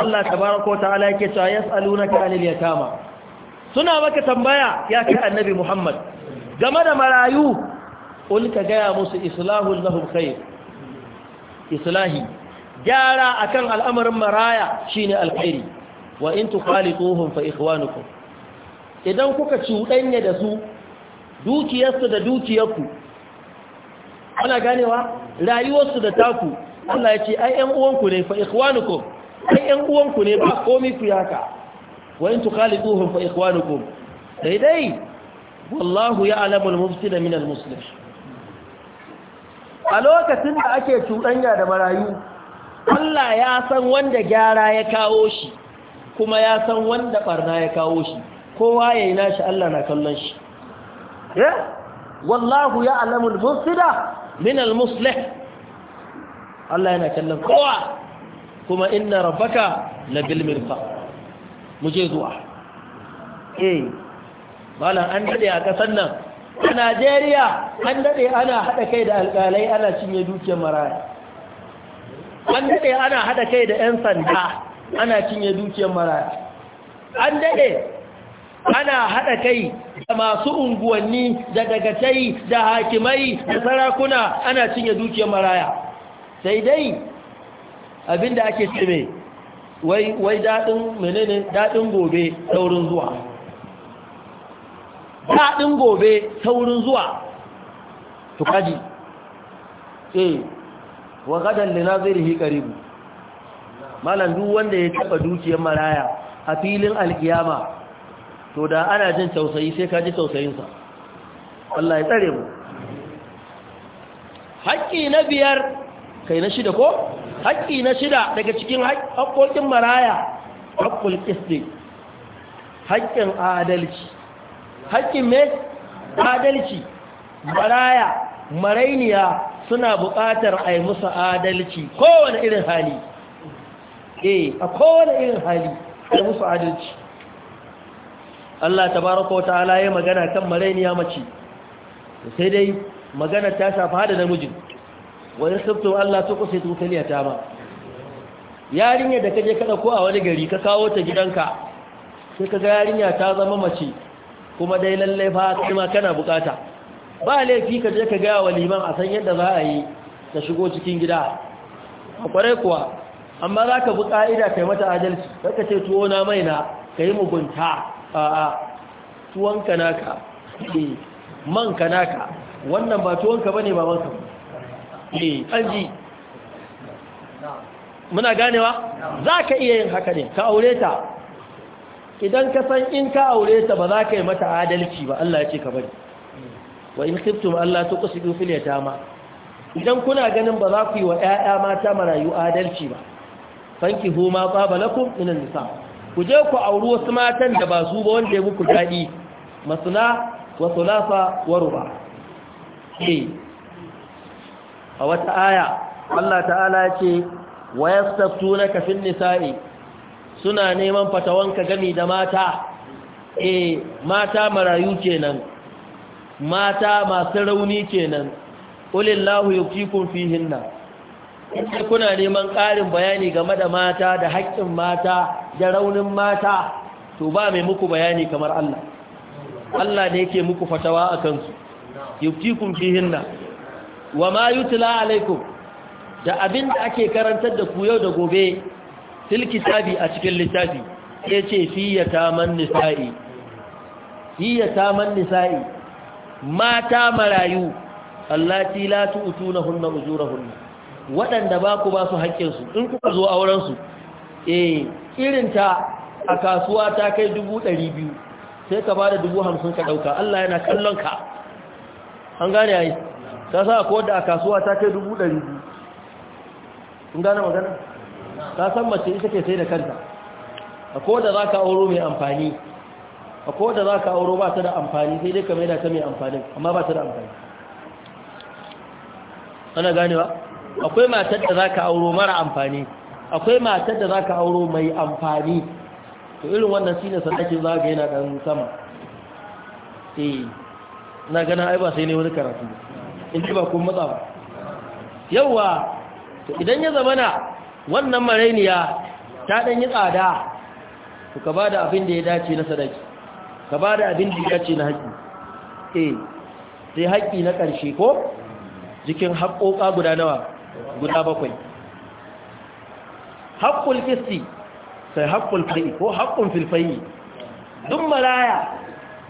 Allah tabaraka wa ta'ala yake cewa yas'alunaka 'anil yatama suna maka tambaya ya kai annabi Muhammad game da marayu ulka gaya musu islahul lahum khair islahi gyara akan al'amarin maraya shi ne alkhairi wa in tukhalituhum fa ikhwanukum idan kuka cuɗanya da su dukiyarsu da dukiyarku ana ganewa rayuwarsu da taku Allah ya ce ai 'yan uwanku ne fa ikhwanukum ai ƴan uwanku ne ba komai ku ya ka. wa in tukhalituhum fa ikhwanukum daidai wallahu ya alamul mufsida min minal musulun a lokacin da ake cuɗanya da marayu Allah ya san wanda gyara ya kawo shi kuma ya san wanda barna ya kawo shi kowa ya yi nashi Allah na kallon shi wallahu ya alamul mufsida min al-muslih Allah yana kallon kowa kuma inna rabbaka labil mu muje zuwa eh malan an daɗe a ƙasan nan a Najeriya an daɗe ana haɗa kai da alƙalai ana cinye dukiyar maraya an daɗe ana haɗa kai da 'yan sanda ana cinye dukiyar maraya an daɗe ana haɗa kai da masu unguwanni da dagatai da hakimai da sarakuna ana cinye dukiyar maraya sai dai abinda ake cime wai wai daɗin menene daɗin gobe saurin zuwa daɗin gobe saurin zuwa tukaji eh wa gadan rihi qaribu malam duk wanda ya taɓa dukiyar maraya a filin alkiyama to da ana jin tausayi sai ka ji tausayinsa Allah ya tsare mu haƙƙi na biyar kai na shida ko haƙƙi na shida daga cikin haƙƙoƙin maraya haƙƙul ƙisɗi haƙƙin adalci haƙƙin mai adalci maraya marainiya suna buƙatar a yi musu adalci kowane irin hali eh a kowane irin hali a yi musu adalci Allah Ta tabaraka wa ala ya magana kan Maraini ya mace sai dai magana ta shafa hada namijin wani sabto Allah ta kusa tutaliya ta ba yarinya da kaje kada ko a wani gari ka kawo ta gidanka sai ka ga yarinya ta zama mace kuma dai lallai fa kuma ma kana bukata ba laifi ka je ka gaya wa liman a san yadda za a yi ta shigo cikin gida a kwarai kuwa amma za ka bi ƙa'ida yi mata adalci ka ce tuwo na mai na ka yi mugunta a tuwonka naka eh, ka naka wannan ba tuwonka ba ne ba manka ne eh, ƙanji muna ganewa za ka iya yin haka ne ka aure ta idan ka san in ka aure ta ba za ka yi mata adalci ba Allah ya ce ka bari wa in khiftum alla tuqsidu fil yatama idan kuna ganin ba za ku yi wa ƴaƴa mata marayu adalci ba fankihu ma tsaba minan nisa ku je ku auri wasu matan da ba su ba wanda ya muku dadi masna wa thalatha wa ruba eh a wata aya Allah ta'ala ya ce wa yastaftunaka fil nisa'i suna neman fatawanka gami da mata eh mata marayu kenan mata masu rauni kenan ulillahu fi fihinna sai kuna neman ƙarin bayani game da mata da haƙƙin mata da raunin mata to ba mai muku bayani kamar Allah Allah ne yake muku fatawa akan su fi fihinna wa ma yutla alaikum da abin da ake karantar da ku yau da gobe fil kitabi a cikin littafi yace fiyata man nisa'i ta man nisa'i mata marayu allati la tu'tunahunna ujurahunna wadanda ba ku ba su haƙƙinsu in kuka zo aurensu eh irinta a kasuwa ta kai dubu ɗari biyu sai ka ba da dubu hamsin ka ɗauka Allah yana kallon ka an gane ai Ka sa ko da a kasuwa ta kai dubu ɗari biyu kun gane magana Ka san mace ita ke sai da kanta a ko da za ka auro mai amfani akwai da za ka auro ba ta da amfani sai dai ka yana ta mai amfani amma ba ta da amfani ana gane ba akwai matar da za ka auro mara amfani akwai matar da za ka auro mai amfani to irin wannan shi ne sadakin za ka yana ɗan sama eh na gana ai ba sai ne wani karatu in ji ba kun matsa ba yauwa to idan ya zama na wannan marainiya ta ɗan yi tsada to ka ba da abin da ya dace na sadaki ka ba da abin da ya ce na haƙi eh sai haƙi na ƙarshe ko jikin haƙoƙa guda nawa guda bakwai haƙƙul fisti sai haƙƙul fai ko haƙƙun filfai duk malaya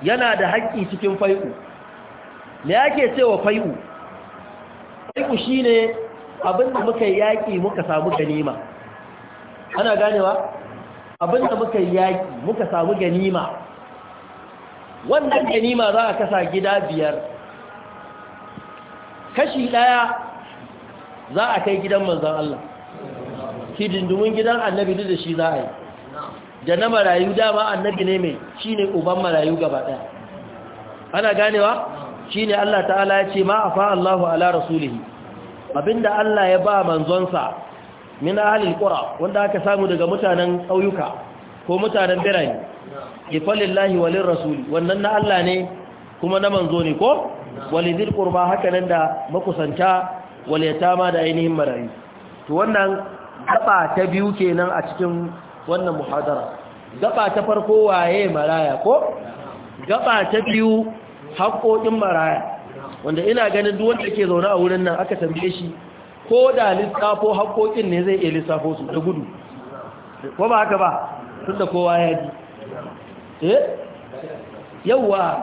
yana da haƙƙi cikin fai'u me yake cewa fai'u fai'u shine abinda muka yaƙi muka samu ganima ana ganewa abinda muka yaƙi muka samu ganima wannan ganima za a kasa gida biyar kashi ɗaya za a kai gidan manzan Allah hidindumin gidan annabi da shi za a yi da na marayu dama annabi ne mai shi ne uban marayu gaba ɗaya ana ganewa shi ne Allah ta'ala ya ce ma a fa Allahu ala rasulihi abinda Allah ya ba manzonsa min ahalil ƙura wanda aka samu daga mutanen ƙauyuka ko mutanen birane ifalillahi walin rasuli. rasul wannan na Allah ne kuma na manzo ne ko walidil qurba haka nan da makusanta wal yatama da ainihin marayu to wannan gaba ta biyu kenan a cikin wannan muhadara gaba ta farko waye maraya ko gaba ta biyu haƙoƙin maraya wanda ina ganin duk wanda yake zaune a wurin nan aka tambaye shi ko da lissafo haƙoƙin ne zai iya lissafo su da gudu ko ba haka ba tunda kowa ya ji eh yawa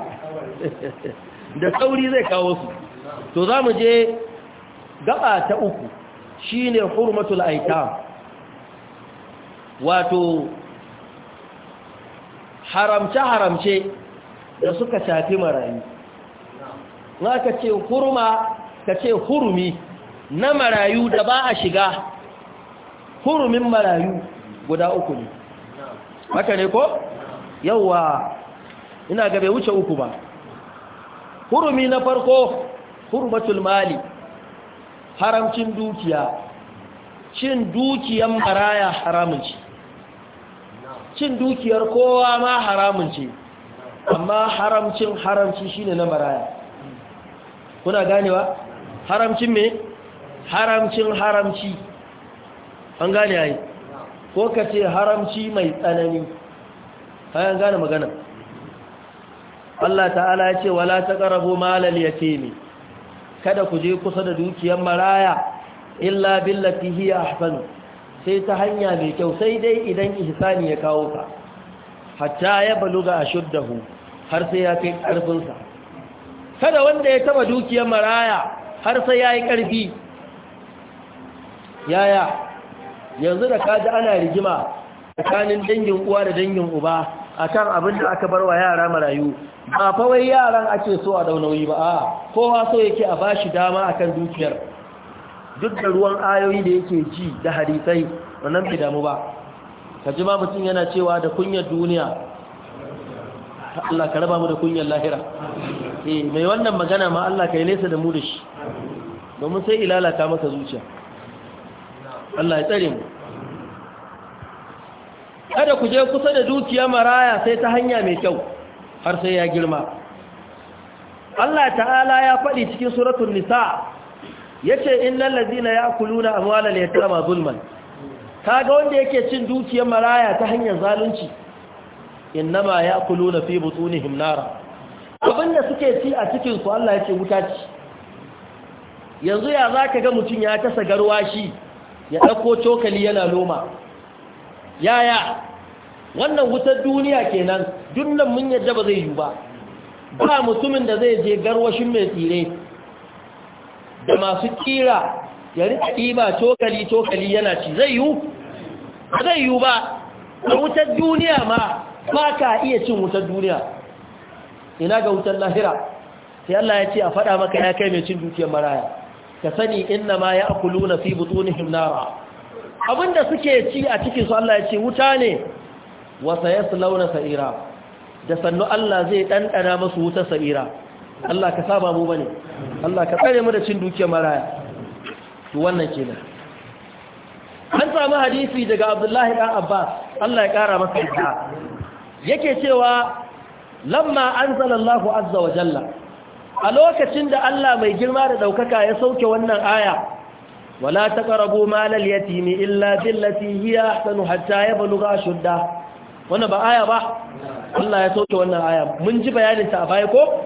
da sauri zai kawo su to za mu je gaba ta uku shine hurmatul aitam wato haramce haramce da suka shafi marayu na ka ce hurma ka ce hurumi na marayu da ba a shiga hurumin marayu guda uku ne haka ne ko yawa ina ga bai wuce uku ba hurumi na farko hurmatul mali haramcin dukiya cin dukiyan maraya haramun ce cin dukiyar kowa ma haramun ce amma haramcin haramci shine na maraya kuna ganewa haramcin me haramcin haramci an gane yi. ko ka ce haramci mai tsanani bayan gane magana Allah ta'ala ya ce wala taqrabu malal yatimi kada ku je kusa da dukiyar maraya illa billati hiya ahsan sai ta hanya mai kyau sai dai idan ihsani ya kawo ka hatta ya baluga ashuddahu har sai ya kai karfin sa kada wanda ya taba dukiyar maraya har sai ya yi karfi yaya yanzu da kaji ana rigima tsakanin dangin uwa da dangin uba akan abin da aka barwa yara marayu ba fa wai yaran ake so a daunauyi ba a kowa so yake a bashi dama akan dukiyar duk da ruwan ayoyi da yake ji da hadisai wannan bai damu ba kaji ma mutum yana cewa da kunyar duniya Allah ka raba mu da kunyar lahira eh mai wannan magana ma Allah ka yi nesa da mu da shi domin sai ilalata masa zuciya Allah ya tsare mu kada ku je kusa da dukiya maraya sai ta hanya mai kyau har sai ya girma Allah ta'ala ya faɗi cikin suratul nisa yace innal ladina ya'kuluna amwalal yatama zulman kaga wanda yake cin dukiyar maraya ta hanyar zalunci innama ya'kuluna fi butunihim nara abinda suke ci a cikin su Allah yace wuta ci yanzu ya zaka ga mutun ya tasa garwashi ya dauko cokali yana loma yaya wannan wutar duniya kenan dunnan mun yadda ba zai yi ba ba mutumin da zai je garwashin mai tsire da masu kira ya rika kima cokali cokali yana ci zai yi ba zai yi ba a wutar duniya ma ba ka iya cin wutar duniya ina ga wutar lahira sai Allah ya ce a faɗa maka ya kai mai cin dukiyar maraya ka sani inna ma ya akulu na fi butunihim nara abinda suke ci a cikin su Allah ya ce wuta ne wa sayaslawna sa'ira da sannu Allah zai dandana musu wuta sa'ira Allah ka saba mu bane Allah ka tsare mu da cin dukiya maraya to wannan kenan an samu hadisi daga Abdullahi dan Abbas Allah ya kara masa ita yake cewa lamma anzalallahu azza wa jalla a lokacin da Allah mai girma da daukaka ya sauke wannan aya ولا تقربوا مال اليتيم إلا بالتي هي أحسن حتى يبلغ أشده wannan ba aya ba Allah ya sauke wannan aya mun ji bayanin ta a baya ko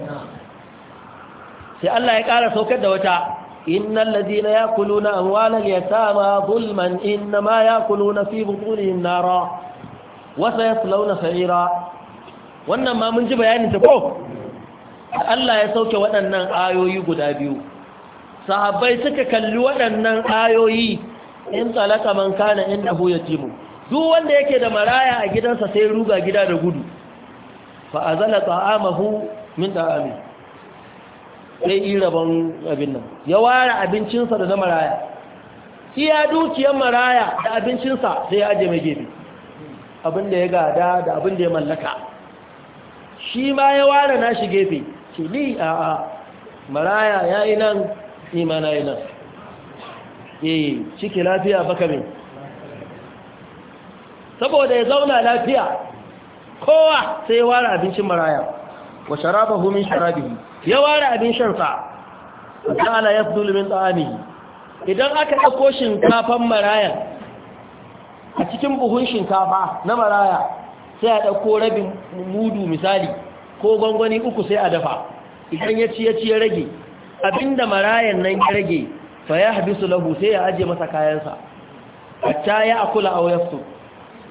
sai Allah ya ƙara saukar da wata innal ladina yakuluna amwalal yatama zulman inma yakuluna fi butunihim nara wa sayaslawna sa'ira wannan ma mun ji bayanin ta ko Allah ya sauke waɗannan ayoyi guda biyu sahabbai suka kalli waɗannan ayoyi in tsalaka man kana ya yajibu duk wanda yake da maraya a gidansa sai ruga gida da gudu fa azala ta'amahu min ta'ami sai rabon abin nan ya ware abincinsa da na maraya shi ya dukiyar maraya da abincinsa sai ya aje mai gefe abin da ya gada da abin da ya mallaka shi ma ya ware nashi gefe ce ni a'a maraya ya yi nan imana na yi nan eh ciki lafiya baka min saboda ya zauna lafiya kowa sai ya ware abincin maraya wa sharafa min sharabihi ya ware abin ala ya fi dulmin tsami. idan aka ɗauko shinkafan maraya a cikin buhun shinkafa na maraya sai a ɗauko rabin mudu misali ko gwangwani uku sai a dafa idan ya ci ya ci ya rage abinda marayan nan ya rage fa ya habisu lahu sai ya aje masa kayansa hatta ya akula aw yaftu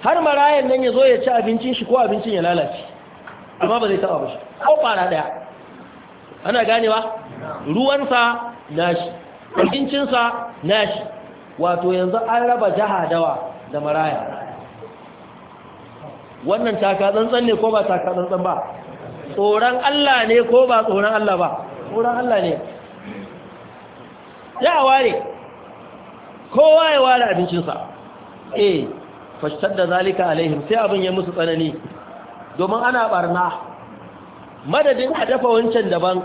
har marayan nan ya zo ya ci abincin shi ko abincin ya lalace amma ba zai taba ba shi ko fara daya ana ganewa ruwansa nashi abincinsa nashi wato yanzu an raba jaha dawa da maraya wannan taka tsantsan ne ko ba taka tsantsan ba tsoron Allah ne ko ba tsoron Allah ba tsoron Allah ne ya ware kowa ya ware abincinsa eh fashtar da zalika alaihim sai abin ya musu tsanani domin ana barna madadin a dafa wancan daban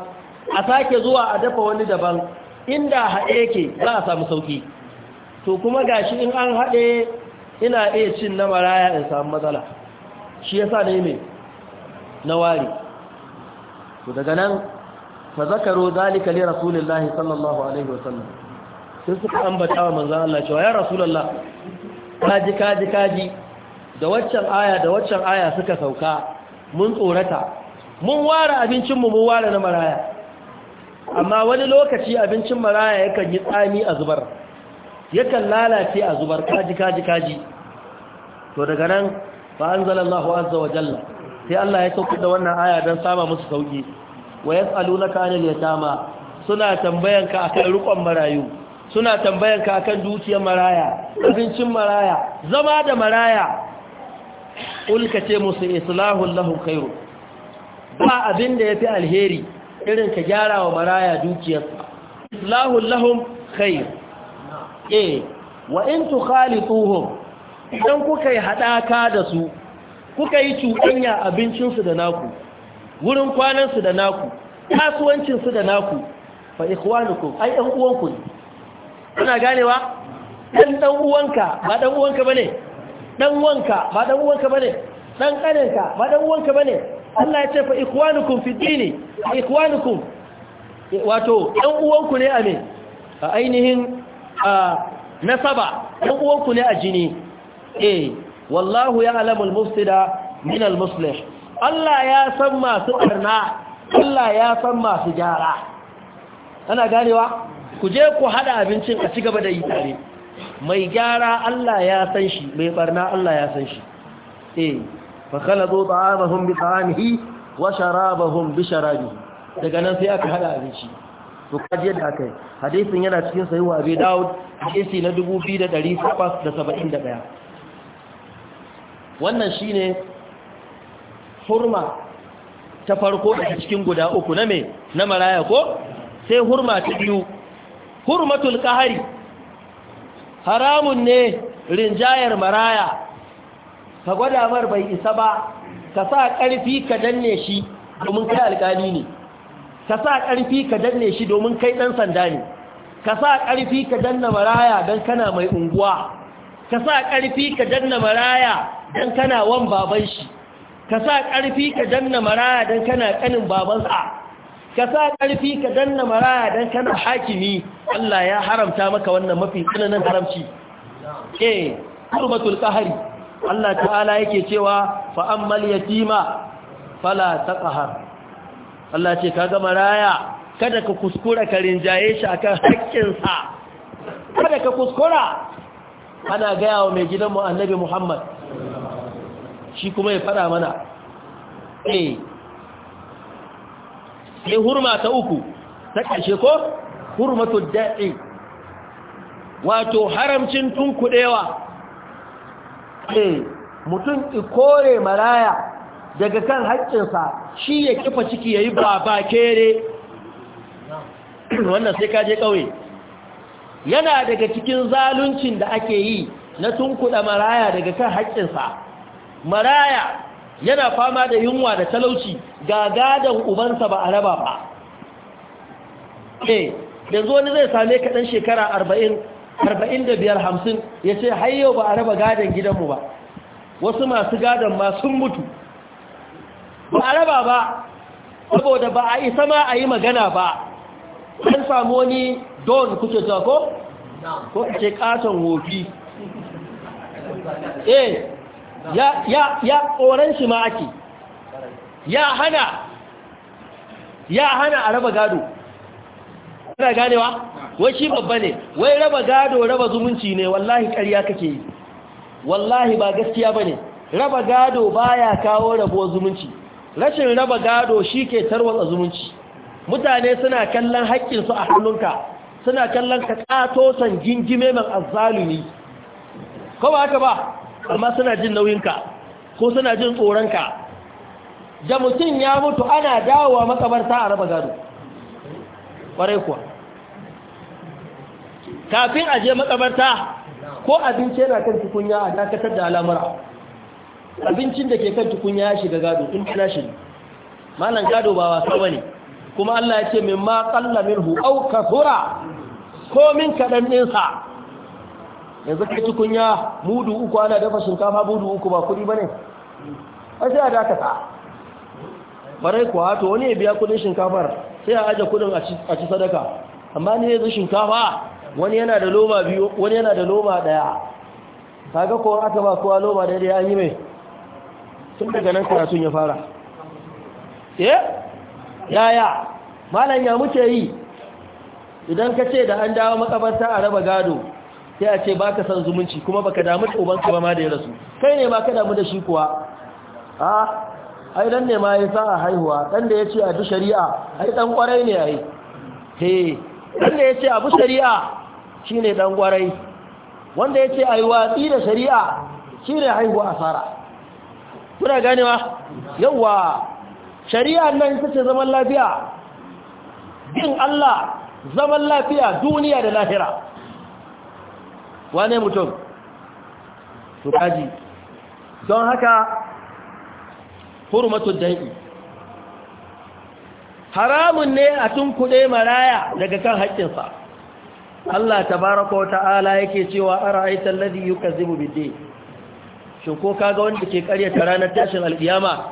a sake zuwa a dafa wani daban inda haɗe ke za a samu sauki to kuma gashi in an haɗe ina iya cin na maraya in samu matsala shi yasa ne mai na ware daga nan fa zakaru zalika li rasulillahi sallallahu alaihi wasallam sai suka ambata wa manzon Allah cewa ya rasulullah kaji kaji kaji da waccan aya da waccan aya suka sauka mun tsorata mun ware abincinmu mun ware na maraya amma wani lokaci abincin maraya yakan yi tsami a zubar yakan lalace a zubar kaji kaji kaji to daga nan fa anzalallahu azza wa jalla sai Allah ya sauka da wannan aya don sama musu sauki wa yas'alunaka 'anil yatama suna tambayanka akan rukon marayu suna tambayanka akan dukiyar maraya abincin maraya zama da maraya ulka ce musu islahun lahu khairu ba abin da yafi alheri irin ka gyara wa maraya dukiyar. Islahun lahum khair eh wa in tukhalituhum idan kuka yi haɗaka da su kuka yi cuɗanya abincinsu da naku wurin kwanansu da naku kasuwancinsu da naku fa ikhwanukum ai ɗan uwanku ne kana ganewa ɗan ɗan uwanka ba ɗan uwanka bane ɗan uwanka ba ɗan uwanka bane ɗan ƙaninka ba ɗan uwanka bane Allah ya ce fa ikhwanukum fi dini ikhwanukum wato ɗan uwanku ne a me a ainihin a nasaba ɗan uwanku ne a jini eh wallahu ya al mufsida min al muslih Allah ya san masu ɓarna Allah ya san masu gyara ana ganewa ku je ku haɗa abincin a ci gaba da yi tare mai gyara Allah ya san shi mai ɓarna Allah ya san shi E, eh fa khalabu ta'amahum bi ta'amihi wa hun bi sharabihi daga nan sai aka haɗa abinci to kaji yadda aka yi hadisin yana cikin sahih dawo Dawud hadisi na 2871 wannan shi ne. hurma ta farko a cikin guda uku na me na maraya ko sai hurma ta biyu hurmatul qahari haramun ne rinjayar maraya ka gwada mar bai isa ba ka sa ƙarfi ka danne shi domin kai alƙali ne ka sa ƙarfi ka danne shi domin kai ɗan sanda ne ka sa ƙarfi ka danna maraya don kana mai unguwa ka sa ƙarfi ka danna maraya don kana wan baban shi ka sa ƙarfi ka danna maraya don kana ƙanin babansa ka sa ƙarfi ka danna maraya don kana hakimi Allah ya haramta maka wannan mafi tsananin haramci eh hurmatul qahari Allah ta'ala yake cewa fa ammal yatima fala taqhar Allah ce kaga maraya kada ka kuskura ka rinjaye shi akan haƙƙinsa kada ka kuskura ana gaya wa mai gidanmu annabi Muhammad shi kuma ya fada mana eh sai hurma ta uku ta ƙarshe ko hurmatu da'i wato haramcin tunkudewa. eh mutum kore maraya daga kan haƙƙinsa shi ya kifa ciki ya yi ba kere *clears throat* wannan sai kaje ƙauye yana daga cikin zaluncin da ake yi na tunkuɗa maraya daga kan haƙƙinsa maraya yana fama da yunwa da talauci ga gadon ubansa ba a raba ba eh yanzu wani zai same ka dan shekara arba'in arba'in da biyar hamsin ya ce har yau ba a raba gadon gidanmu ba wasu masu gadon ma sun mutu ba a raba ba saboda ba a isa ma a yi magana ba an samu wani don kuke ta ko? ko ce katon hofi? eh ya ƙoran shi ma ake ya hana ya hana a raba gado ana ganewa wai shi babba ne wai raba gado raba zumunci ne wallahi ƙarya kake yi wallahi ba gaskiya ba ne raba gado baya kawo rabuwar zumunci rashin raba gado shi ke tarwatsa zumunci mutane suna kallon haƙƙinsu a hannunka suna kallon ka san gingime mai azzalumi ko ba haka ba amma suna jin nauyinka ko suna jin tsoronka da mutum ya mutu ana dawowa makabarta a raba gado ƙwarai kuwa kafin a je makabarta ko abinci yana kan tukunya a dakatar da al'amura abincin da ke kan tukunya ya shiga gado in kana shi malan gado ba wasa ne. kuma Allah ya ce min ma qalla hu'au ka kathura ko min kaɗan ɗinsa yanzu kai tukunya mudu uku ana dafa shinkafa mudu uku ba kudi bane ai sai a dakata bare kuwa to wani ya biya kudin shinkafar sai a aje kudin a ci sadaka amma ne yanzu shinkafa wani yana da loma biyu wani yana da loma daya kaga ko aka ba kowa loma daya da yi mai tun daga nan karatun ya fara eh yaya malam ya muke yi idan ka ce da an dawo makabarta a raba gado sai a ce ka san zumunci kuma ba ka damu da ubanka ba ma da ya rasu kai ne ma ka damu da shi kuwa a ai dan ne ma ya sa a haihuwa dan da ya ce a bi shari'a ai dan kwarai ne ai he dan da ya ce a bi shari'a shine dan kwarai wanda ya ce ai watsi da shari'a shine haihuwa asara kuna ganewa yawa shari'a nan ita ce zaman lafiya bin Allah zaman lafiya duniya da lahira wane mutum to don haka hurmatu dai'i haramun ne a tun kuɗe maraya daga kan haƙƙinsa Allah tabaraka ta'ala yake cewa ara'aita alladhi yukazzibu bid-din shin ko kaga wanda ke ƙaryata ranar tashin al'iyama.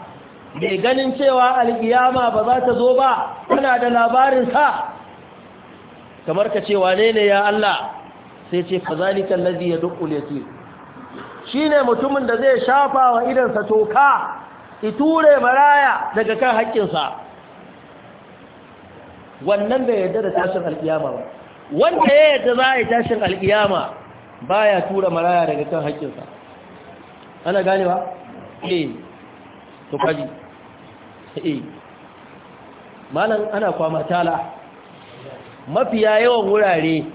mai ganin cewa al'iyama ba za ta zo ba kana da labarin sa kamar ka ce ne ya Allah sai ce fazalika allazi yadqul Shi ne mutumin da zai shafa wa idansa toka iture maraya daga kan haƙƙinsa wannan bai yarda da tashin al'iyama ba wanda ya yarda za a yi tashin al'iyama ba ya tura maraya daga kan haƙƙinsa ana ganewa E, to kaji e. malam ana kwama tala mafiya yawan wurare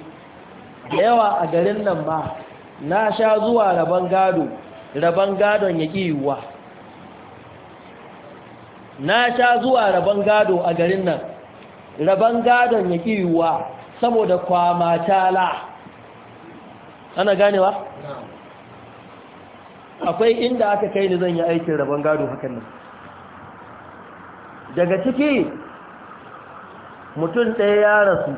da yawa a garin nan ma na sha zuwa rabon gado rabon gadon ya yiwuwa na sha zuwa rabon gado a garin nan rabon gadon ya yiwuwa saboda kwama tala ana ganewa? akwai inda aka kai ni zan yi aikin rabon gado hakan nan daga ciki mutum ɗaya ya rasu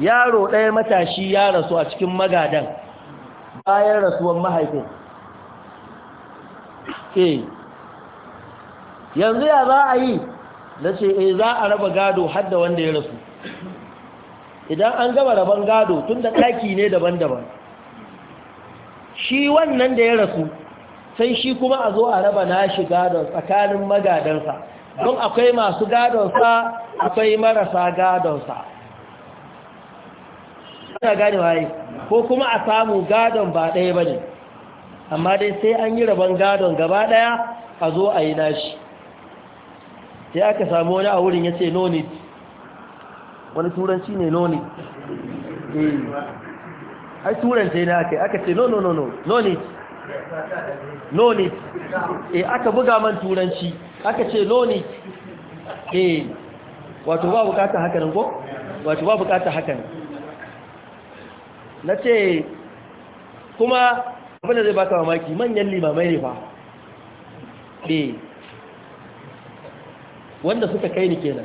yaro ɗaya matashi ya rasu a cikin magadan bayan rasuwan mahaifin E! yanzu ya za a yi na ce e za a raba gado hadda wanda ya rasu idan an gaba raban gado tun da ɗaki ne daban-daban shi wannan da ya rasu sai shi kuma a zo a raba nashi gado tsakanin magadansa don akwai masu gadonsa akwai marasa gadonsa ana gane waye ko kuma a samu gadon ba ɗaya ba ne amma dai sai an yi rabon gadon gaba ɗaya a zo a yi nashi sai aka samu wani a wurin ya ce nonit wani turanci ne nonit eh. ai turanta na aka aka ce no no no no nonit nonit e eh, aka buga man turanci aka ce nonit eh wato ba bukata hakan ko wato ba bukata hakan na ce kuma abinda zai baka mamaki manyan limamai ne fa ɗe eh. wanda suka kai ni kenan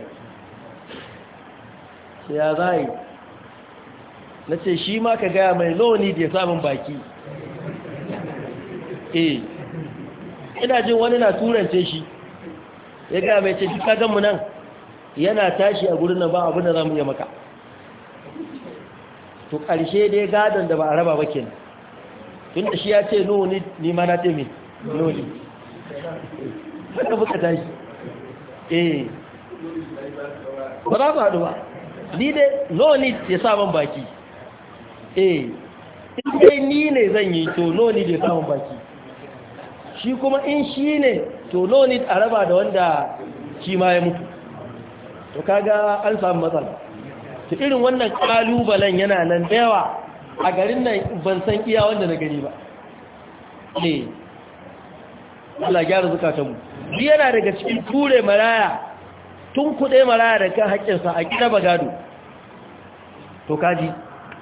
sai ya zai na ce shi ma ka gaya mai launi da ya samun baki *laughs* e ina jin wani na turance shi ya gaya mai ce shi mu nan yana tashi a gurin nan ba abin da za mu iya maka to ƙarshe dai gadon da ba a raba ba kenan tun da shi ya ce no ni ma na ce no ni haka buka tashi eh ba za ba ba ni dai ni ya saman baki eh in dai ni ne zan yi to no ni ya saman baki shi kuma in shi ne to ni a raba da wanda shi ma ya mutu to kaga an samu matsala to irin wannan kalubalen yana nan da yawa a garin nan ban san iya wanda na gari ba eh Allah gyara mu. bi yana daga cikin ture maraya tun kuɗe maraya da kan haƙƙinsa a gida bagado to kaji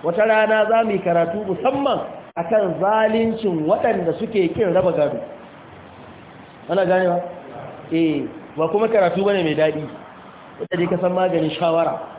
wata rana za mu yi karatu musamman akan zalincin waɗanda suke kin raba gado ana ba. eh ba kuma karatu bane mai daɗi wadda dai ka san maganin shawara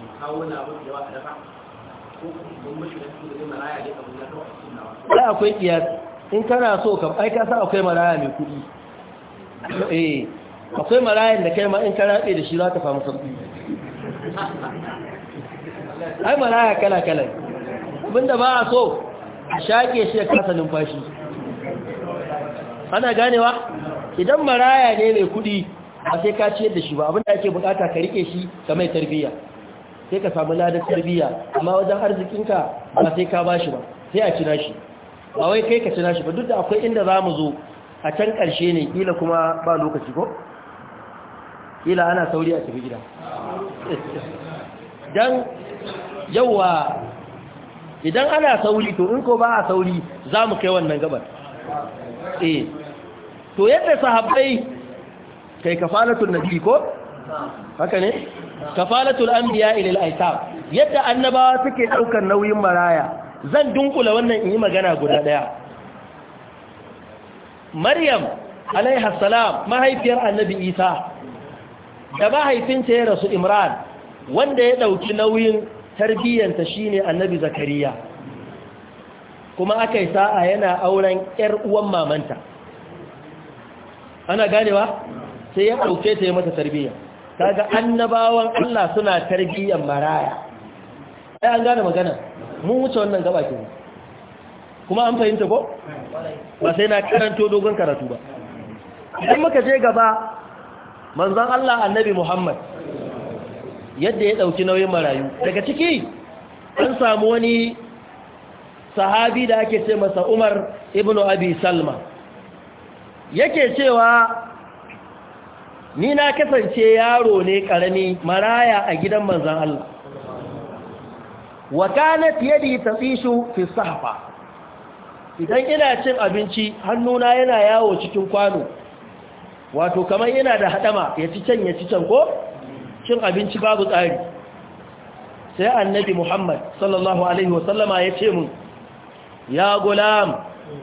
in kawo na yawa a dafa ko akwai kiyas in kana so ka ai ka san akwai maraya mai kuɗi eh, akwai marayan da kai ma in ka rabe da shi za ta samu sauƙi. ai maraya kala kala abinda ba a so a shaƙe shi da kasa numfashi ana ganewa idan maraya ne mai kuɗi a sai ka ciyar da shi ba abinda ake buƙata ka riƙe shi ka mai tarbiyya sai ka samu ladar tarbiyya amma wajen arzikinka ba sai ka ba shi ba sai a cina shi ba wai kai ka cina shi ba duk da akwai inda za mu zo a can ƙarshe ne kila kuma ba lokaci ko kila ana sauri a tafi gida *laughs* dan yawa idan ana sauri to in ko ba a sauri za mu kai wannan gabar eh to yadda sahabbai kai ka fara nabi ko haka ne kafalatul anbiya ilal aitab yadda annabawa suke daukar nauyin maraya zan dunkula wannan in yi magana guda daya maryam alaiha salam mahaifiyar annabi isa da mahaifinta ya rasu imran wanda ya dauki nauyin tarbiyyanta shine annabi zakariya kuma aka yi sa'a yana auren 'yar uwan mamanta ana ganewa sai ya ɗauke ta yi mata tarbiyya kaga annabawan Allah suna tarbiyyar maraya ai an gane magana mun wuce wannan gaba ke kuma an fahimta ko ba sai na karanto dogon karatu ba idan muka je gaba manzon Allah annabi Muhammad yadda ya dauki nauyin marayu daga ciki an samu wani sahabi da ake ce masa Umar ibn Abi Salma yake cewa ni na kasance yaro ne karami maraya a gidan manzan Allah wa kanat yadi tafishu fi sahfa idan ina cin abinci hannuna yana yawo cikin kwano wato kamar ina da haɗama, ya ci can ya ci can ko cin abinci babu tsari sai annabi Muhammad sallallahu alaihi wasallama ya ce mun ya gulam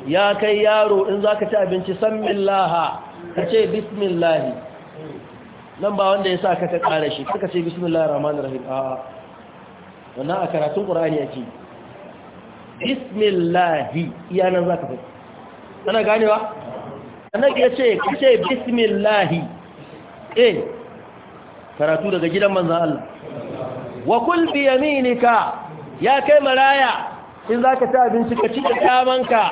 ya kai yaro in zaka ci abinci ka ce bismillahi nan ba wanda ya sa ka ka ƙara shi suka ce bismillahir rahmanir rahim a wannan a karatun qur'ani ake bismillahi iya nan zaka fi Ana ganewa annabi ya ce ka ce bismillahi eh karatu daga gidan manzon Allah wa kul bi yaminika ya kai maraya in zaka ci abinci ka ci kamanka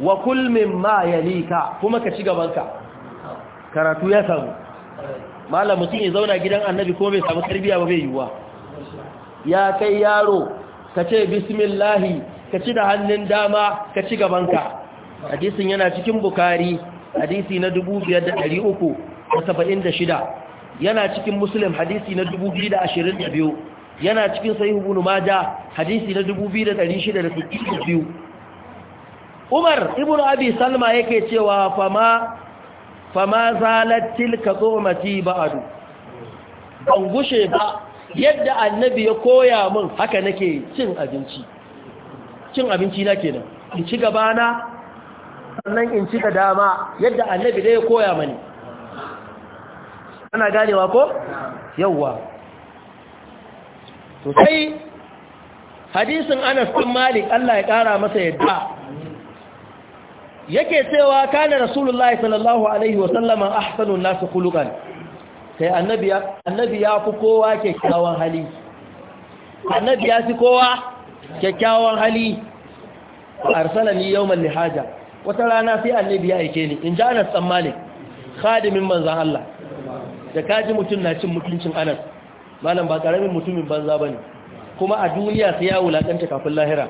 wa kul mimma yalika kuma ka ci gabanka karatu ya samu malam mutum ya zauna gidan annabi ko bai samu tarbiya ba bai yiwuwa ya kai yaro ka ce bismillahi ka ci da hannun dama ka ci gabanka hadisin yana cikin bukari hadisi na 5376 yana cikin muslim hadisi na 2022 yana cikin sahih ibn maja hadisi na 2662 Umar ibn Abi Salma yake cewa fama fama zalat tilka a ba'adu ban gushe ba yadda annabi ya koya min haka nake cin abinci cin abinci na kenan in ci gaba na sannan in ci dama yadda annabi da ya koya mani ana ganewa ko yauwa to sai hadisin Anas bin Malik Allah ya kara masa yadda yake cewa kana rasulullahi sallallahu alaihi wa sallama ahsanun nas khuluqan sai annabi annabi ya fi kowa kyakkyawan hali annabi ya fi kowa kyakkyawan hali arsalani yawmal lihaja wata rana sai annabi ya aike ni in ji Anas dan Malik khadimin manzon Allah da kaji mutum na cin mutuncin Anas malam ba karamin mutumin banza bane kuma a duniya sai ya wulakanta kafin lahira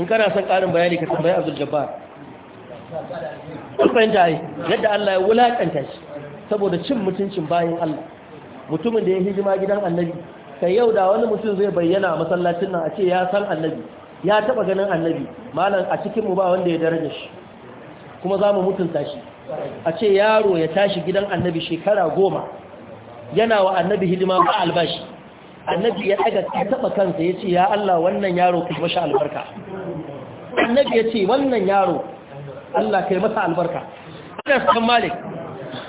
in kana son karin bayani ka tambayi Abdul Jabbar kun yi yadda Allah ya wulaƙanta shi saboda cin mutuncin bayan Allah mutumin da ya hijima gidan annabi kai yau da wani mutum zai bayyana a masallacin nan a ce ya san annabi ya taɓa ganin annabi malam a cikin mu ba wanda ya daraja shi kuma za mu mutunta shi a ce yaro ya tashi gidan annabi shekara goma yana wa annabi hidima ba albashi annabi ya ɗaga ta taɓa kansa ya ce ya Allah wannan yaro ka bashi albarka annabi ya ce wannan yaro Allah kai masa albarka Anas bin Malik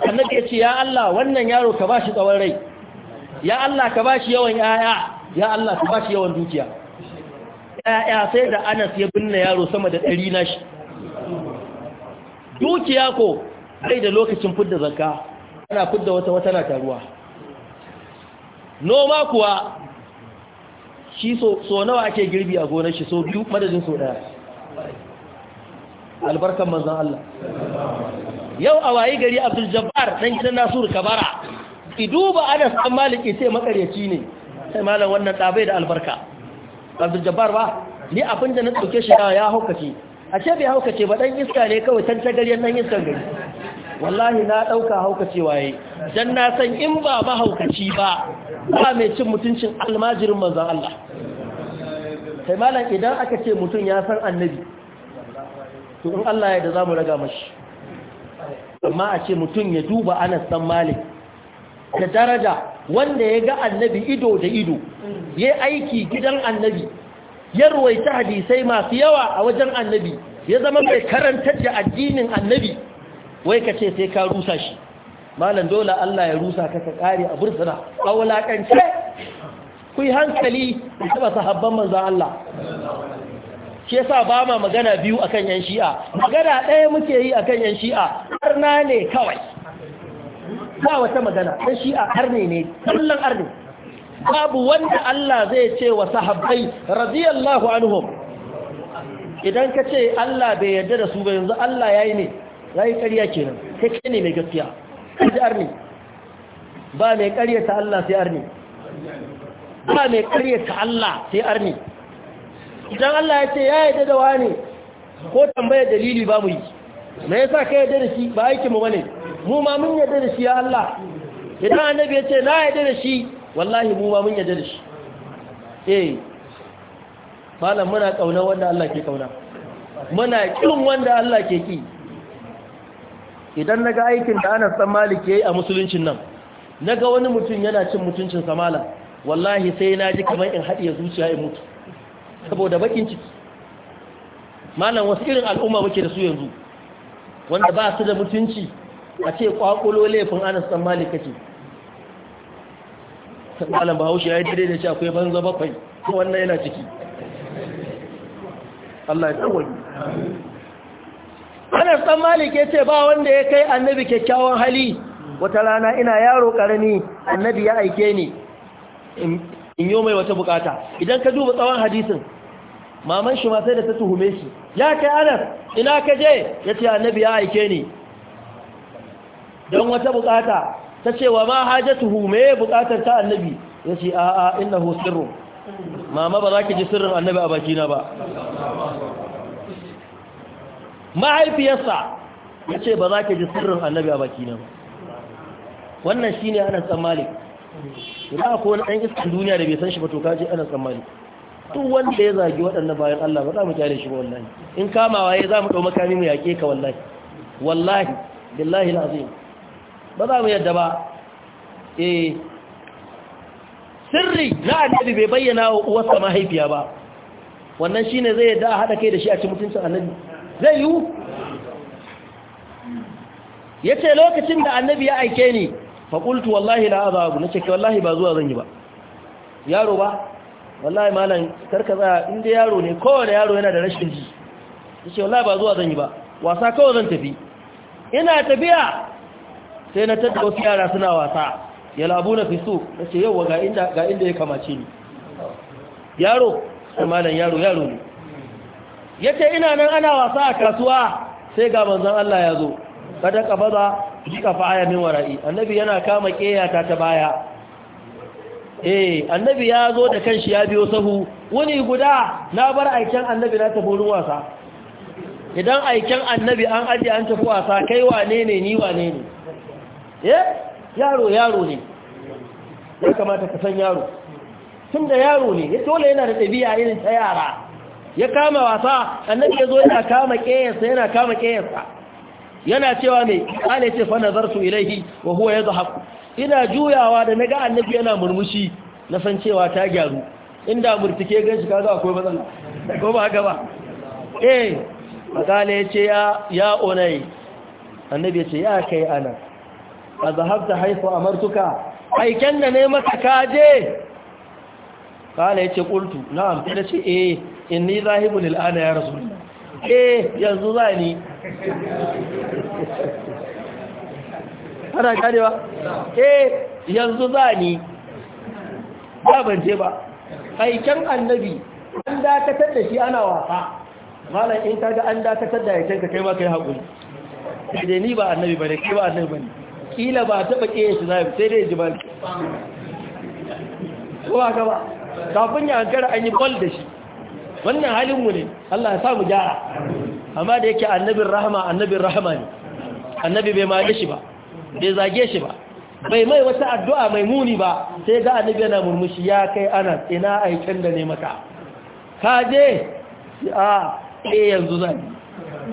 annabi ya ce ya Allah wannan yaro ka bashi tsawon rai ya Allah ka bashi yawan yaya ya Allah ka bashi yawan dukiya yaya sai da Anas ya binne yaro sama da 100 nashi dukiya ko sai da lokacin fudda zakka ana fudda wata wata na taruwa noma kuwa shi so nawa ake girbi a gonar shi so biyu madadin so daya albarkan manzan Allah yau a wayi gari abdul jabbar dan gidan nasiru kabara iduba duba san maliki sai makaryaci ne sai malam wannan tsabai da albarka abdul jabbar ba ni abin da na tsoke shi ya haukace a ce bai haukace ba dan iska ne kawai tantagariyar nan iskan gari wallahi na ɗauka haukace waye. na san in ba mahaukaci ba ba mai cin mutuncin almajirin manzan Allah sai malam idan aka ce mutum ya san annabi to in Allah ya da za mu raga mashi amma a ce mutum ya duba anas dan malik da daraja wanda ya ga annabi ido da ido ya aiki gidan annabi ya ruwaita hadisai masu yawa a wajen annabi ya zama mai karanta da addinin annabi wai ka ce sai ka rusa shi malam dole Allah ya rusa ka ka kare a bursuna a wulakance ku yi hankali da taɓa sahabban manzan Allah shi yasa ba ma magana biyu akan yan shi'a magana ɗaya muke yi akan yan shi'a na ne kawai ba wata magana yan shi'a har ne kullum ne. babu wanda Allah zai ce wa sahabbai radiyallahu anhum idan ka ce Allah bai yarda da su ba yanzu Allah ya yi ne yi ƙarya kenan kake ne mai gaskiya kaji arne ba mai ta Allah sai arne ba mai ta Allah sai arne idan Allah ya ce ya yi da wani ko tambaya dalili ba mu yi me yasa ka yarda da shi ba aikinmu mu bane mu ma mun yi da shi ya Allah idan annabi ya ce na yarda da shi wallahi mu ma mun yi da shi eh malam muna kauna wanda Allah ke kauna muna kin wanda Allah ke ki idan naga aikin da Anas dan Malik yayi a musuluncin nan naga wani mutum yana cin mutuncin sa malam wallahi sai na ji kamar in haɗiye zuciya in mutu saboda bakin ciki malam wasu irin al'umma muke da su yanzu wanda ba su da mutunci a ce kwakulo laifin anas dan malika ce malam bahaushe ya yi dare da shi akwai banza bakwai ko wannan yana ciki Allah ya tsawon Anas ɗan Malik ce ba wanda ya kai annabi kyakkyawan hali wata rana ina yaro ƙarami annabi ya aike ni in yi mai wata bukata idan ka duba tsawon hadisin maman shi ma sai da ta tuhume shi ya kai anas ina ka je ya ce annabi ya aike ni don wata bukata ta ce wa ma haja me bukatar ta annabi ya ce a a innahu sirru mama ba za ki ji sirrin annabi a bakina ba mahaifiyarsa ya ce ba za ki ji sirrin annabi a bakina ba wannan shine anas dan malik da akwai wani ɗan iskan duniya da bai san shi ba to kaje ana tsammani duk wanda ya zagi waɗannan bayan Allah ba za mu kyale shi ba wallahi in kamawa ya za mu ɗau makami mu yaƙe ka wallahi wallahi billahi alazim ba za mu yadda ba eh sirri na annabi bai bayyana wa uwarsa mahaifiya ba wannan shine zai yadda a haɗa kai da shi a cikin mutuncin annabi zai yiwu ya ce lokacin da annabi ya aike ni faƙultu wallahi na la azabu na ce wallahi ba zuwa zan yi ba yaro ba wallahi malam karka tsaya inda yaro ne kowane yaro yana da rashin ji ya ce wallahi ba zuwa zan yi ba wasa kawai zan tafi ina tafiya sai na tattaba wasu yara suna wasa ya labu na fiso na ce yau ga inda ya kamace ni yaro malam yaro yaro ne ya ce ina nan ana wasa a kasuwa sai ga manzan Allah ya zo kada ka baza jika fa aya min wara'i annabi yana kama kiyata ta baya eh annabi ya zo da kanshi ya biyo sahu wani guda na bar aikin annabi na tafi wurin wasa idan aikin annabi an aje an tafi wasa kai wane ne ni wane ne eh yaro yaro ne ya kamata ka san yaro tun da yaro ne ya tole yana da ɗabi'a irin ta yara ya kama wasa annabi ya zo yana kama ƙeyarsa yana kama ƙeyarsa yana cewa mai ana ce fa nazartu ilaihi wa huwa yadhhaku ina juyawa da naga annabi yana murmushi na san cewa ta gyaru inda murtike gan shi kaza akwai matsala ko ba haka ba eh makale yace ya ya onai annabi yace ya kai ana azhabta haifu amartuka aiken da ne maka kaje kala yace qultu na'am sai ce eh inni zahibun al'ana ya rasulullah eh yanzu zani *laughs* ana ba? eh yanzu za ni ba ban je ba aikin annabi an dakatar da shi ana wasa malam in kaga an dakatar da aikin ka kai ma kai hakuri sai ni ba annabi bane kai ba annabi bane kila ba taba kiyaye shi zai sai dai jibal ko ka ba kafin ya hankara an yi bol da shi wannan halin mu ne Allah ya sa mu gyara amma da yake annabin rahama annabin rahama ne annabi bai mage shi ba bai zage shi ba bai mai wata addu'a mai muni ba sai ga annabi yana murmushi ya kai ana ina aikin da ne maka ka je a eh yanzu zan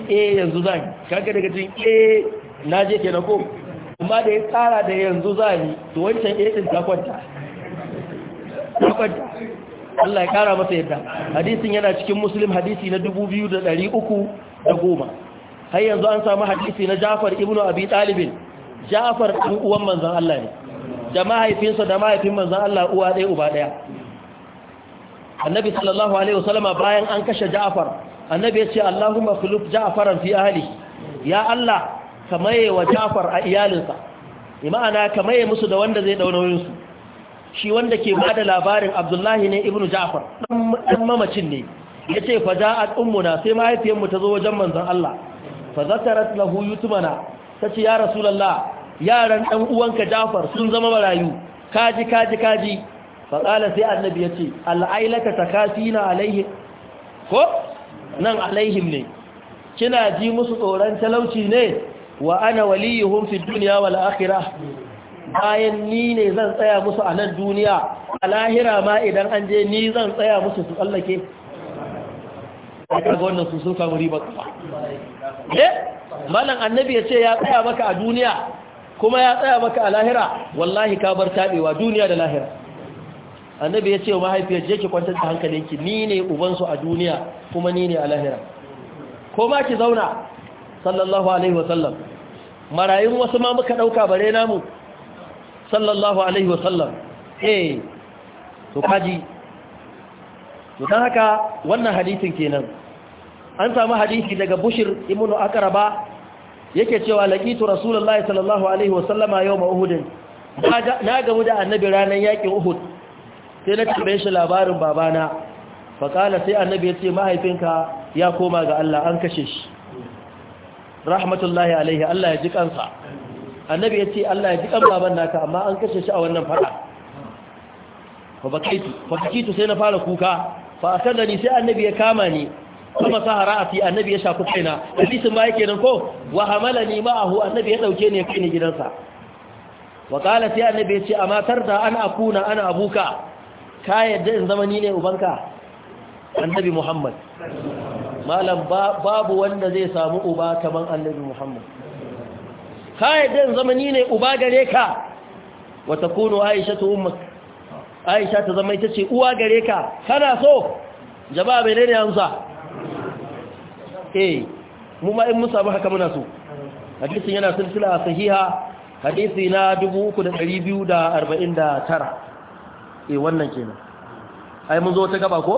eh yanzu zan kaga daga cikin eh na je kenan ko amma da ya tsara da yanzu zan to wancan eh din ta kwanta ta kwanta Allah ya kara masa yadda hadisin yana cikin muslim hadisi na 2300 da goma har yanzu an samu hadisi na jafar ibnu abi talibin jafar ɗan uwan manzan Allah ne da mahaifinsa da mahaifin manzan Allah uwa ɗaya uba ɗaya annabi sallallahu alaihi wasallama bayan an kashe jafar annabi ya ce allahumma khuluf ja'faran fi ahli ya Allah ka maye wa jafar a iyalinsa imana ka maye musu da wanda zai dauna wuyinsu shi wanda ke bada labarin abdullahi ne ibnu ja'far dan mamacin ne ya ce fa ja'at ummuna sai mahaifiyarmu ta zo wajen manzon Allah fa zakarat lahu yutmana ta ce ya rasulullah yaran dan uwanka Jafar sun zama marayu kaji kaji kaji fa qala sai annabi yace ce al'ailaka takasina alaihi ko nan alaihim ne kina ji musu tsoron talauci ne wa ana waliyuhum fi dunya wal akhirah bayan ni ne zan tsaya musu a nan duniya a lahira ma idan an je ni zan tsaya musu su tsallake a ga wannan su sun samu ribar kafa eh malam annabi ya ce ya tsaya maka a duniya kuma ya tsaya maka a lahira wallahi ka bar tabewa duniya da lahira annabi ya ce wa mahaifiyar je ki kwantar da hankalinki ni ne ubansu a duniya kuma ni ne a lahira ko ma ki zauna sallallahu alaihi wa sallam, marayun wasu ma muka dauka bare namu sallallahu alaihi wa sallam. eh to kaji to haka wannan hadisin kenan an samu hadisi daga bushir ibnu Akaraba. yake cewa laqitu rasulullahi sallallahu alaihi wasallama yawm uhud na gamu da annabi ranar yakin uhud sai na tambaye shi labarin babana fa kana sai annabi ya ce mahaifinka ya koma ga Allah an kashe shi rahmatullahi alaihi Allah ya ji kansa annabi ya ce Allah ya ji kan baban naka amma an kashe shi a wannan faɗa. fa bakaitu fa sai na fara kuka fa akalla ni sai annabi ya kama ni kuma sahara a fi annabi ya shafi kaina hadisin ba yake nan ko wa hamalani ma'ahu annabi ya dauke ne kai ne gidansa wa qala sai annabi ya ce amma tarda an akuna ana abuka ka yadda in zama ni ne ubanka annabi muhammad malam babu wanda zai samu uba kaman annabi muhammad ka yadda in zama ni ne uba gare ka wa takunu aisha ummak aisha ta zama ita ce uwa gare ka kana so jama'a bai ne amsa eh mu ma in mun samu haka muna so hadisin yana silsila sahiha hadisi na 3249 eh wannan kenan ai mun zo ta gaba ko